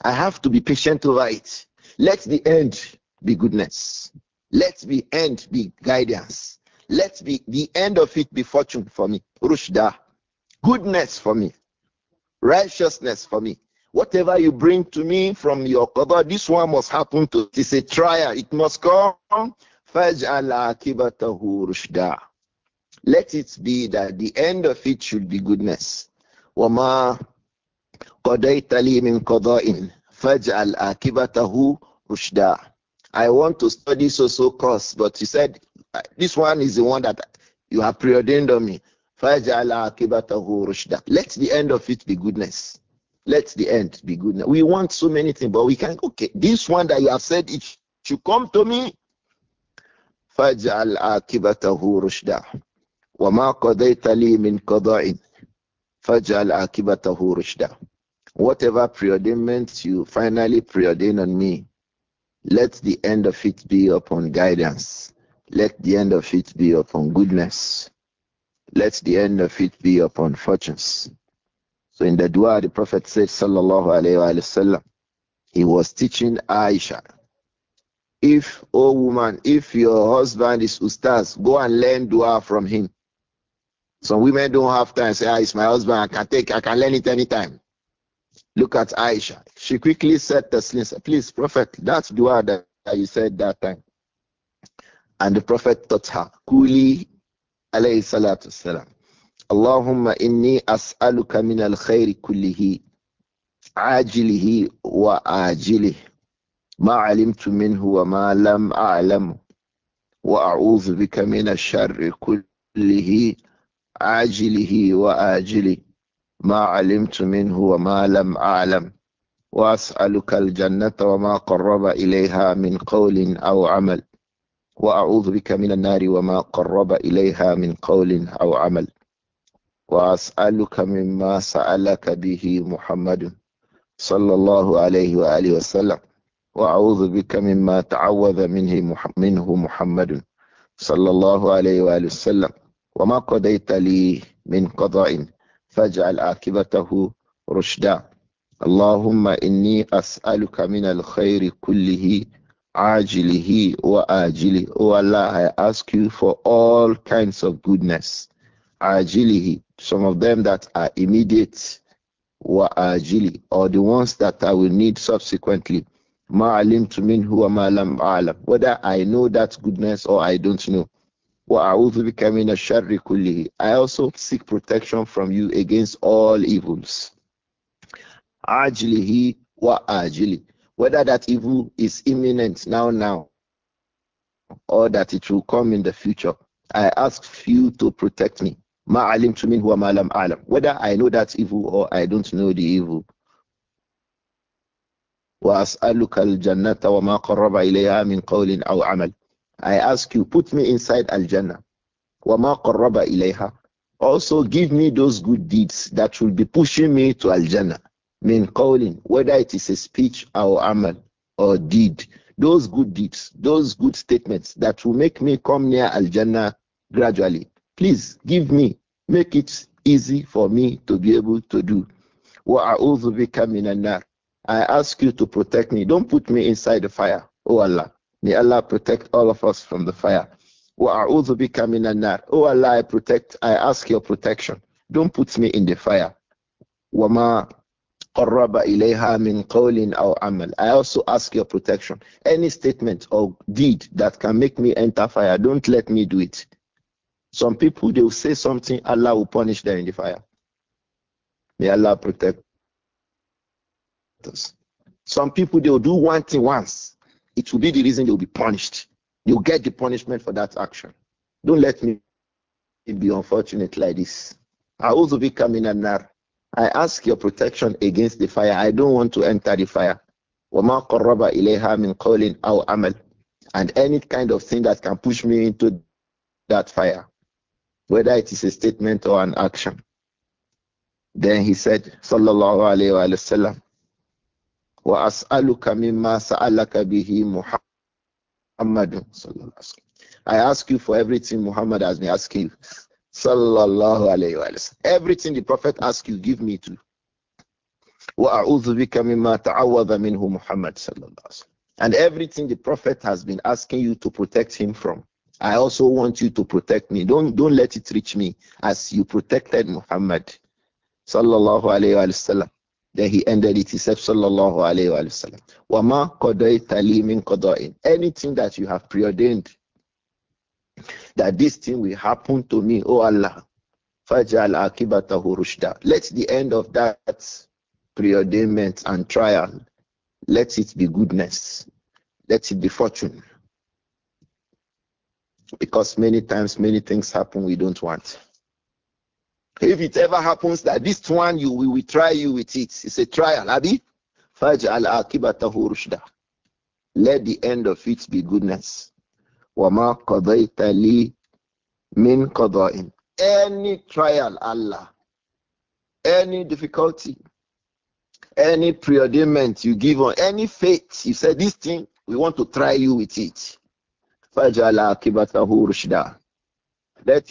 I have to be patient over it. Let the end be goodness. Let the end be guidance. Let the, the end of it be fortune for me. Rushda. Goodness for me. Righteousness for me. Whatever you bring to me from your cover, this one must happen to. It is a trial. It must come. akibatahu rushda. Let it be that the end of it should be goodness. وما قضيت لي من faj al akibatahu rushda. I want to study so so course, but you said uh, this one is the one that you have preordained on me. Let the end of it be goodness. Let the end be goodness. We want so many things, but we can okay. This one that you have said it should come to me. فاجعل عاقبته رشدا وما قضيت لي من قضاء فاجعل عاقبته رشدا whatever preordainment you finally preordain on me let the end of it be upon guidance let the end of it be upon goodness. Let the end of it be upon fortunes. So in the dua, the Prophet said, Sallallahu Alaihi Wasallam, he was teaching Aisha, if, oh woman, if your husband is ustaz, go and learn dua from him. Some women don't have time. Say, ah, it's my husband. I can take, I can learn it anytime. Look at Aisha. She quickly said to Slim, please, Prophet, that's dua that, that you said that time and the Prophet taught her, Kuli alayhi salatu salam. Allahumma inni as'aluka min al khairi kullihi ajilihi wa ajilihi ma alimtu minhu wa ma lam a'lam wa a'udhu bika min ash-sharri kullihi ajilihi wa ajili ma alimtu minhu wa ma lam a'lam wa as'aluka al-jannata wa ma qarraba ilayha min qawlin aw 'amal وأعوذ بك من النار وما قرب إليها من قول أو عمل وأسألك مما سألك به محمد صلى الله عليه وآله وسلم وأعوذ بك مما تعوذ منه منه محمد صلى الله عليه وآله وسلم وما قضيت لي من قضاء فاجعل عاقبته رشدا اللهم إني أسألك من الخير كله he wa ajili. O Allah, I ask you for all kinds of goodness. he some of them that are immediate wa ajili, or the ones that I will need subsequently. Ma'alim to min huwa ma'alam alam. Whether I know that goodness or I don't know. Wa a'udhu bika min kullihi. I also seek protection from you against all evils. Ajilihi wa ajili whether that evil is imminent now, now, or that it will come in the future. I ask you to protect me. Ma'alim to min huwa alam. Whether I know that evil or I don't know the evil. I ask you, put me inside Al-Jannah. Also give me those good deeds that will be pushing me to Al-Jannah min calling whether it is a speech or amal or deed, those good deeds, those good statements that will make me come near Al Jannah gradually. Please give me, make it easy for me to be able to do. I ask you to protect me. Don't put me inside the fire, O Allah. May Allah protect all of us from the fire. O Allah, I protect, I ask your protection. Don't put me in the fire. Wama قرب ilayha min قول أو amal. I also ask your protection any statement or deed that can make me enter fire don't let me do it some people they will say something Allah will punish them in the fire may Allah protect us some people they will do one thing once it will be the reason they will be punished you get the punishment for that action don't let me be unfortunate like this I also become in a nar I ask your protection against the fire. I don't want to enter the fire. وَمَا قَرَّبَ إِلَيْهَا مِنْ قَوْلٍ أَوْ عَمَلٍ And any kind of thing that can push me into that fire, whether it is a statement or an action. Then he said, Sallallahu Alaihi Wasallam, وَأَسْأَلُكَ مِمَّا سَأَلَكَ بِهِ مُحَمَّدٌ I ask you for everything Muhammad has been asking you. Sallallahu alayhi wa Everything the Prophet asked you, give me to. وَأَعُوذُ بِكَ مِمَّا تَعَوَّذَ مِنْهُ Muhammad sallallahu alayhi And everything the Prophet has been asking you to protect him from. I also want you to protect me. Don't don't let it reach me as you protected Muhammad sallallahu alayhi wa sallam. Then he ended it. He said, Sallallahu alayhi wa sallam. Wama qadayta li min qada'in. Anything that you have preordained, that this thing will happen to me, O oh Allah. Fajal akibatahu rushda. Let the end of that preordainment and trial, let it be goodness. Let it be fortune. Because many times, many things happen we don't want. If it ever happens that this one you we will try you with it, it's a trial, Abi. Fajal akibatahu rushda. Let the end of it be goodness. وَمَا قَضَيْتَ لِي مِنْ قَضَاءٍ Any trial, Allah, any difficulty, any preordainment you give on any fate, you said this thing, we want to try you with it. Let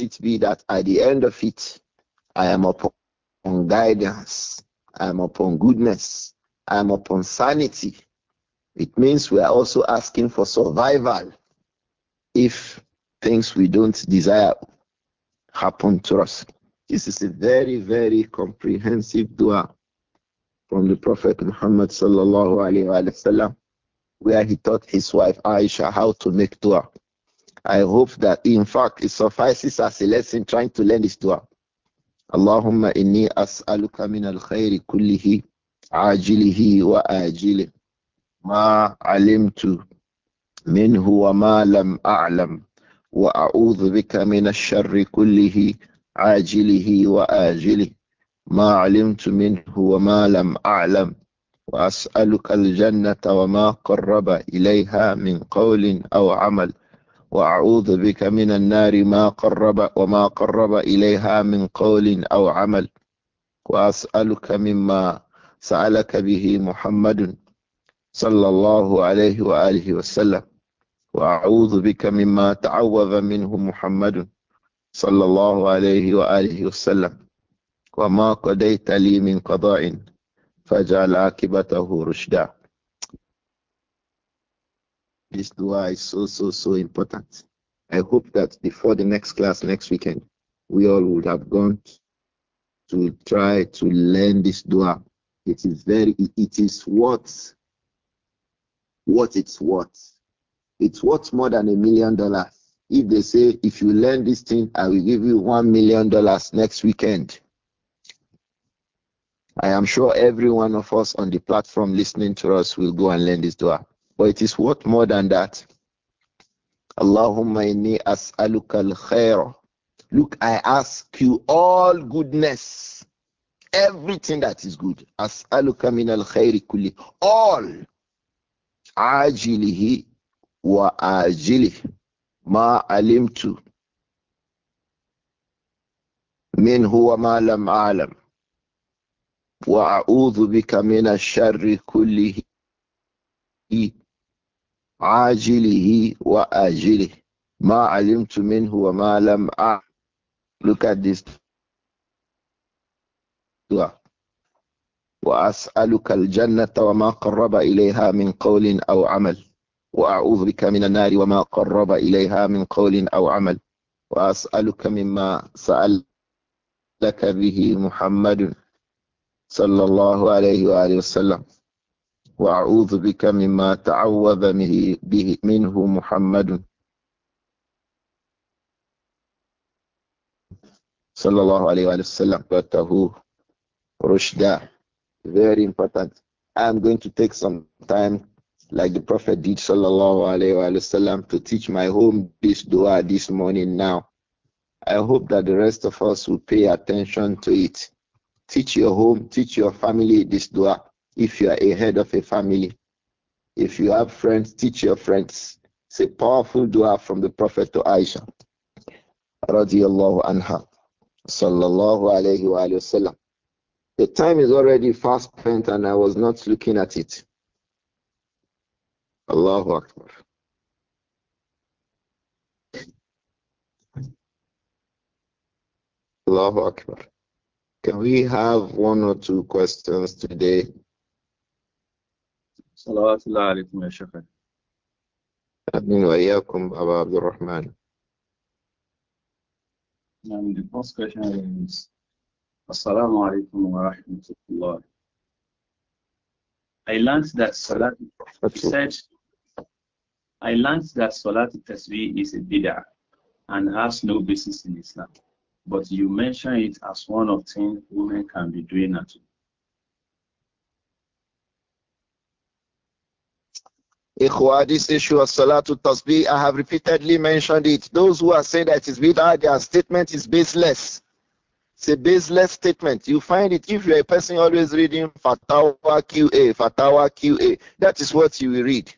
it be that at the end of it, I am upon guidance, I am upon goodness, I am upon sanity. It means we are also asking for survival if things we don't desire happen to us. This is a very, very comprehensive dua from the Prophet Muhammad sallallahu alaihi wasallam, where he taught his wife Aisha how to make dua. I hope that, in fact, it suffices as a lesson trying to learn this dua. Allahumma inni as'aluka min al-khayri kullihi ajilihi wa ajili ma alimtu منه وما لم أعلم وأعوذ بك من الشر كله عاجله وآجله ما علمت منه وما لم أعلم وأسألك الجنة وما قرب إليها من قول أو عمل وأعوذ بك من النار ما قرب وما قرب إليها من قول أو عمل وأسألك مما سألك به محمد صلى الله عليه وآله وسلم وأعوذ بك مما تعوذ منه محمد صلى الله عليه وآله وسلم وما قضيت لي من قضاء فجعل عاقبته رشدا This dua is so, so, so important. I hope that before the next class next weekend, we all would have gone to try to learn this dua. It is very, it is what, what it's worth it's worth more than a million dollars. If they say, if you learn this thing, I will give you one million dollars next weekend. I am sure every one of us on the platform listening to us will go and learn this dua. But it is worth more than that. Allahumma inni as'aluka al-khair. Look, I ask you all goodness. Everything that is good. As'aluka min al-khairi kulli. All. Ajilihi وآجله ما علمت منه وما لم أعلم وأعوذ بك من الشر كله عاجله وآجله ما علمت منه وما لم أعلم Look at this وأسألك الجنة وما قرب إليها من قول أو عمل وأعوذ بك من النار وما قرب إليها من قول أو عمل وأسألك مما سأل لك به محمد صلى الله عليه وآله وسلم وأعوذ بك مما تعوذ به منه محمد صلى الله عليه وآله وسلم وته رشدا very important I'm going to take some time like the Prophet did, sallallahu alayhi wasallam, sallam, to teach my home this dua this morning now. I hope that the rest of us will pay attention to it. Teach your home, teach your family this dua. If you are a head of a family, if you have friends, teach your friends. It's a powerful dua from the Prophet to Aisha, radiallahu anha, sallallahu alayhi wa, The time is already fast spent and I was not looking at it. Allahu Akbar. Allahu Akbar. Can we have one or two questions today? صلوات الله عليكم يا شيخ. آمين وإياكم أبا عبد الرحمن. And the first question is Assalamu alaikum wa rahmatullah. I learned that Salat, he said I learned that Salat Tasbih is a bid'ah and has no basis in Islam. But you mention it as one of things women can be doing at Ikhwa, this issue of Salatul Tasbih, I have repeatedly mentioned it. Those who are saying that it's bid'ah, their statement is baseless. It's a baseless statement. You find it if you're a person always reading Fatawa QA, Fatawa QA. That is what you will read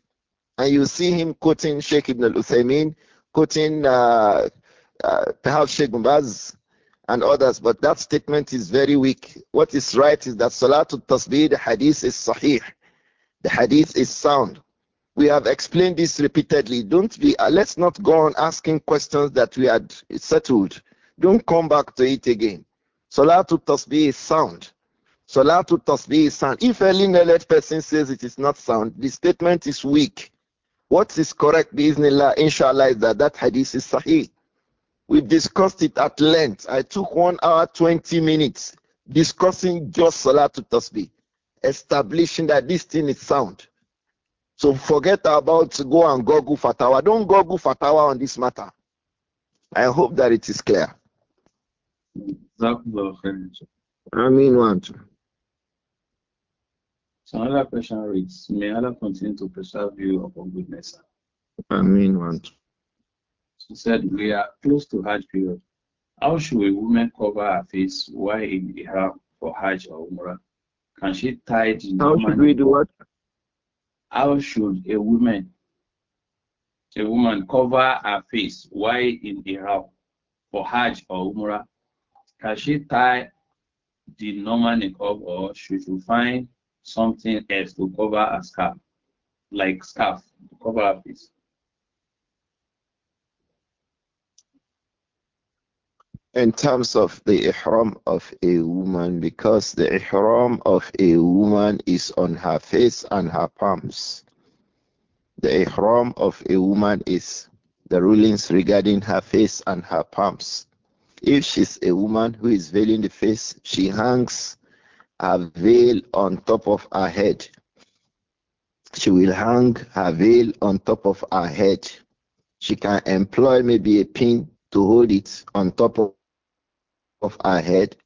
and you see him quoting Sheikh Ibn al Uthaymeen, quoting uh, uh, perhaps Sheikh Mubaz and others, but that statement is very weak. What is right is that Salatul Tasbih, the hadith is sahih, the hadith is sound. We have explained this repeatedly. Don't be, uh, let's not go on asking questions that we had settled. Don't come back to it again. Salatul Tasbih is sound. Salatul Tasbih is sound. If a knowledge person says it is not sound, the statement is weak. What is correct, bismillah, inshallah, is that that hadith is sahih. we discussed it at length. I took one hour, 20 minutes discussing just to Tasbih, establishing that this thing is sound. So forget about go and Google fatawa. Don't Google fatawa on this matter. I hope that it is clear. I mean one. So another question reads, may Allah continue to preserve you upon goodness. Amen. I she said, we are close to Hajj period. How should a woman cover her face while in Iraq for Hajj or Umrah? Can she tie the How should we do what? How should a woman a woman cover her face while in Iraq for Hajj or Umrah? Can she tie the normal niqab or should she find something else to cover a scarf, like scarf to cover a face. In terms of the ihram of a woman, because the ihram of a woman is on her face and her palms. The ihram of a woman is the rulings regarding her face and her palms. If she's a woman who is veiling the face, she hangs her veil on top of her head. She will hang her veil on top of her head. She can employ maybe a pin to hold it on top of, of her head,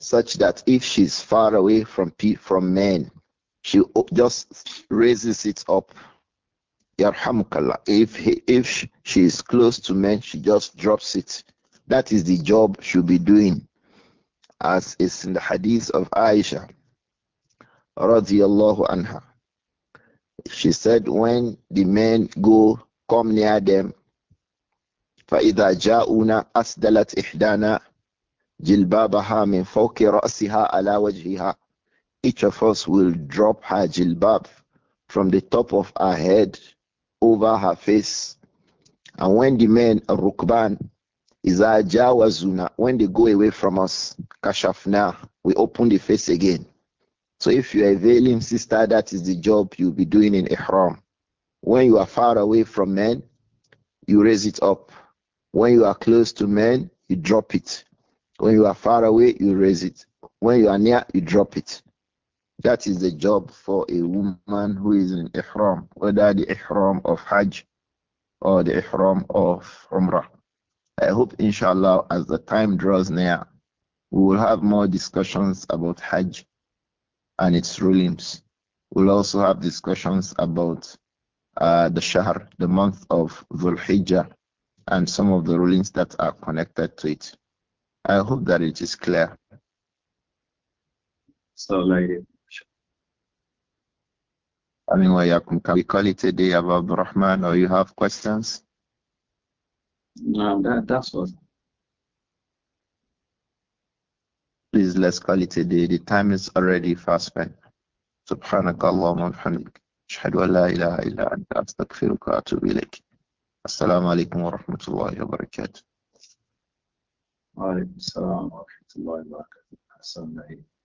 such that if she's far away from from men, she just raises it up. Yarhamukallah. If if she is close to men, she just drops it. That is the job she'll be doing as is in the hadith of Aisha radiallahu anha. She said, when the men go, come near them. فَإِذَا جَاءُونَا أَسْدَلَتْ إِحْدَانَا جِلْبَابَهَا مِنْ فَوْقِ رَأْسِهَا عَلَى وَجْهِهَا Each of us will drop her jilbab from the top of her head over her face. And when the men, Rukban, Iza jawazuna, when they go away from us, kashafna, we open the face again. So if you are a veiling sister, that is the job you'll be doing in ihram. When you are far away from men, you raise it up. When you are close to men, you drop it. When you are far away, you raise it. When you are near, you drop it. That is the job for a woman who is in ihram, whether the ihram of Hajj or the ihram of Umrah. I hope, inshallah, as the time draws near, we will have more discussions about Hajj and its rulings. We'll also have discussions about uh, the Shahr, the month of Dhul Hijjah, and some of the rulings that are connected to it. I hope that it is clear. So, like, I mean, can we call it a day, Abu Rahman, or you have questions? No, that, that's what. Please let's call it a day. The time is already fast spent. سبحانك اللهم وبحمدك أشهد أن لا إله إلا أنت أستغفرك وأتوب إليك السلام عليكم ورحمة الله وبركاته وعليكم السلام ورحمة الله وبركاته حسن نعيم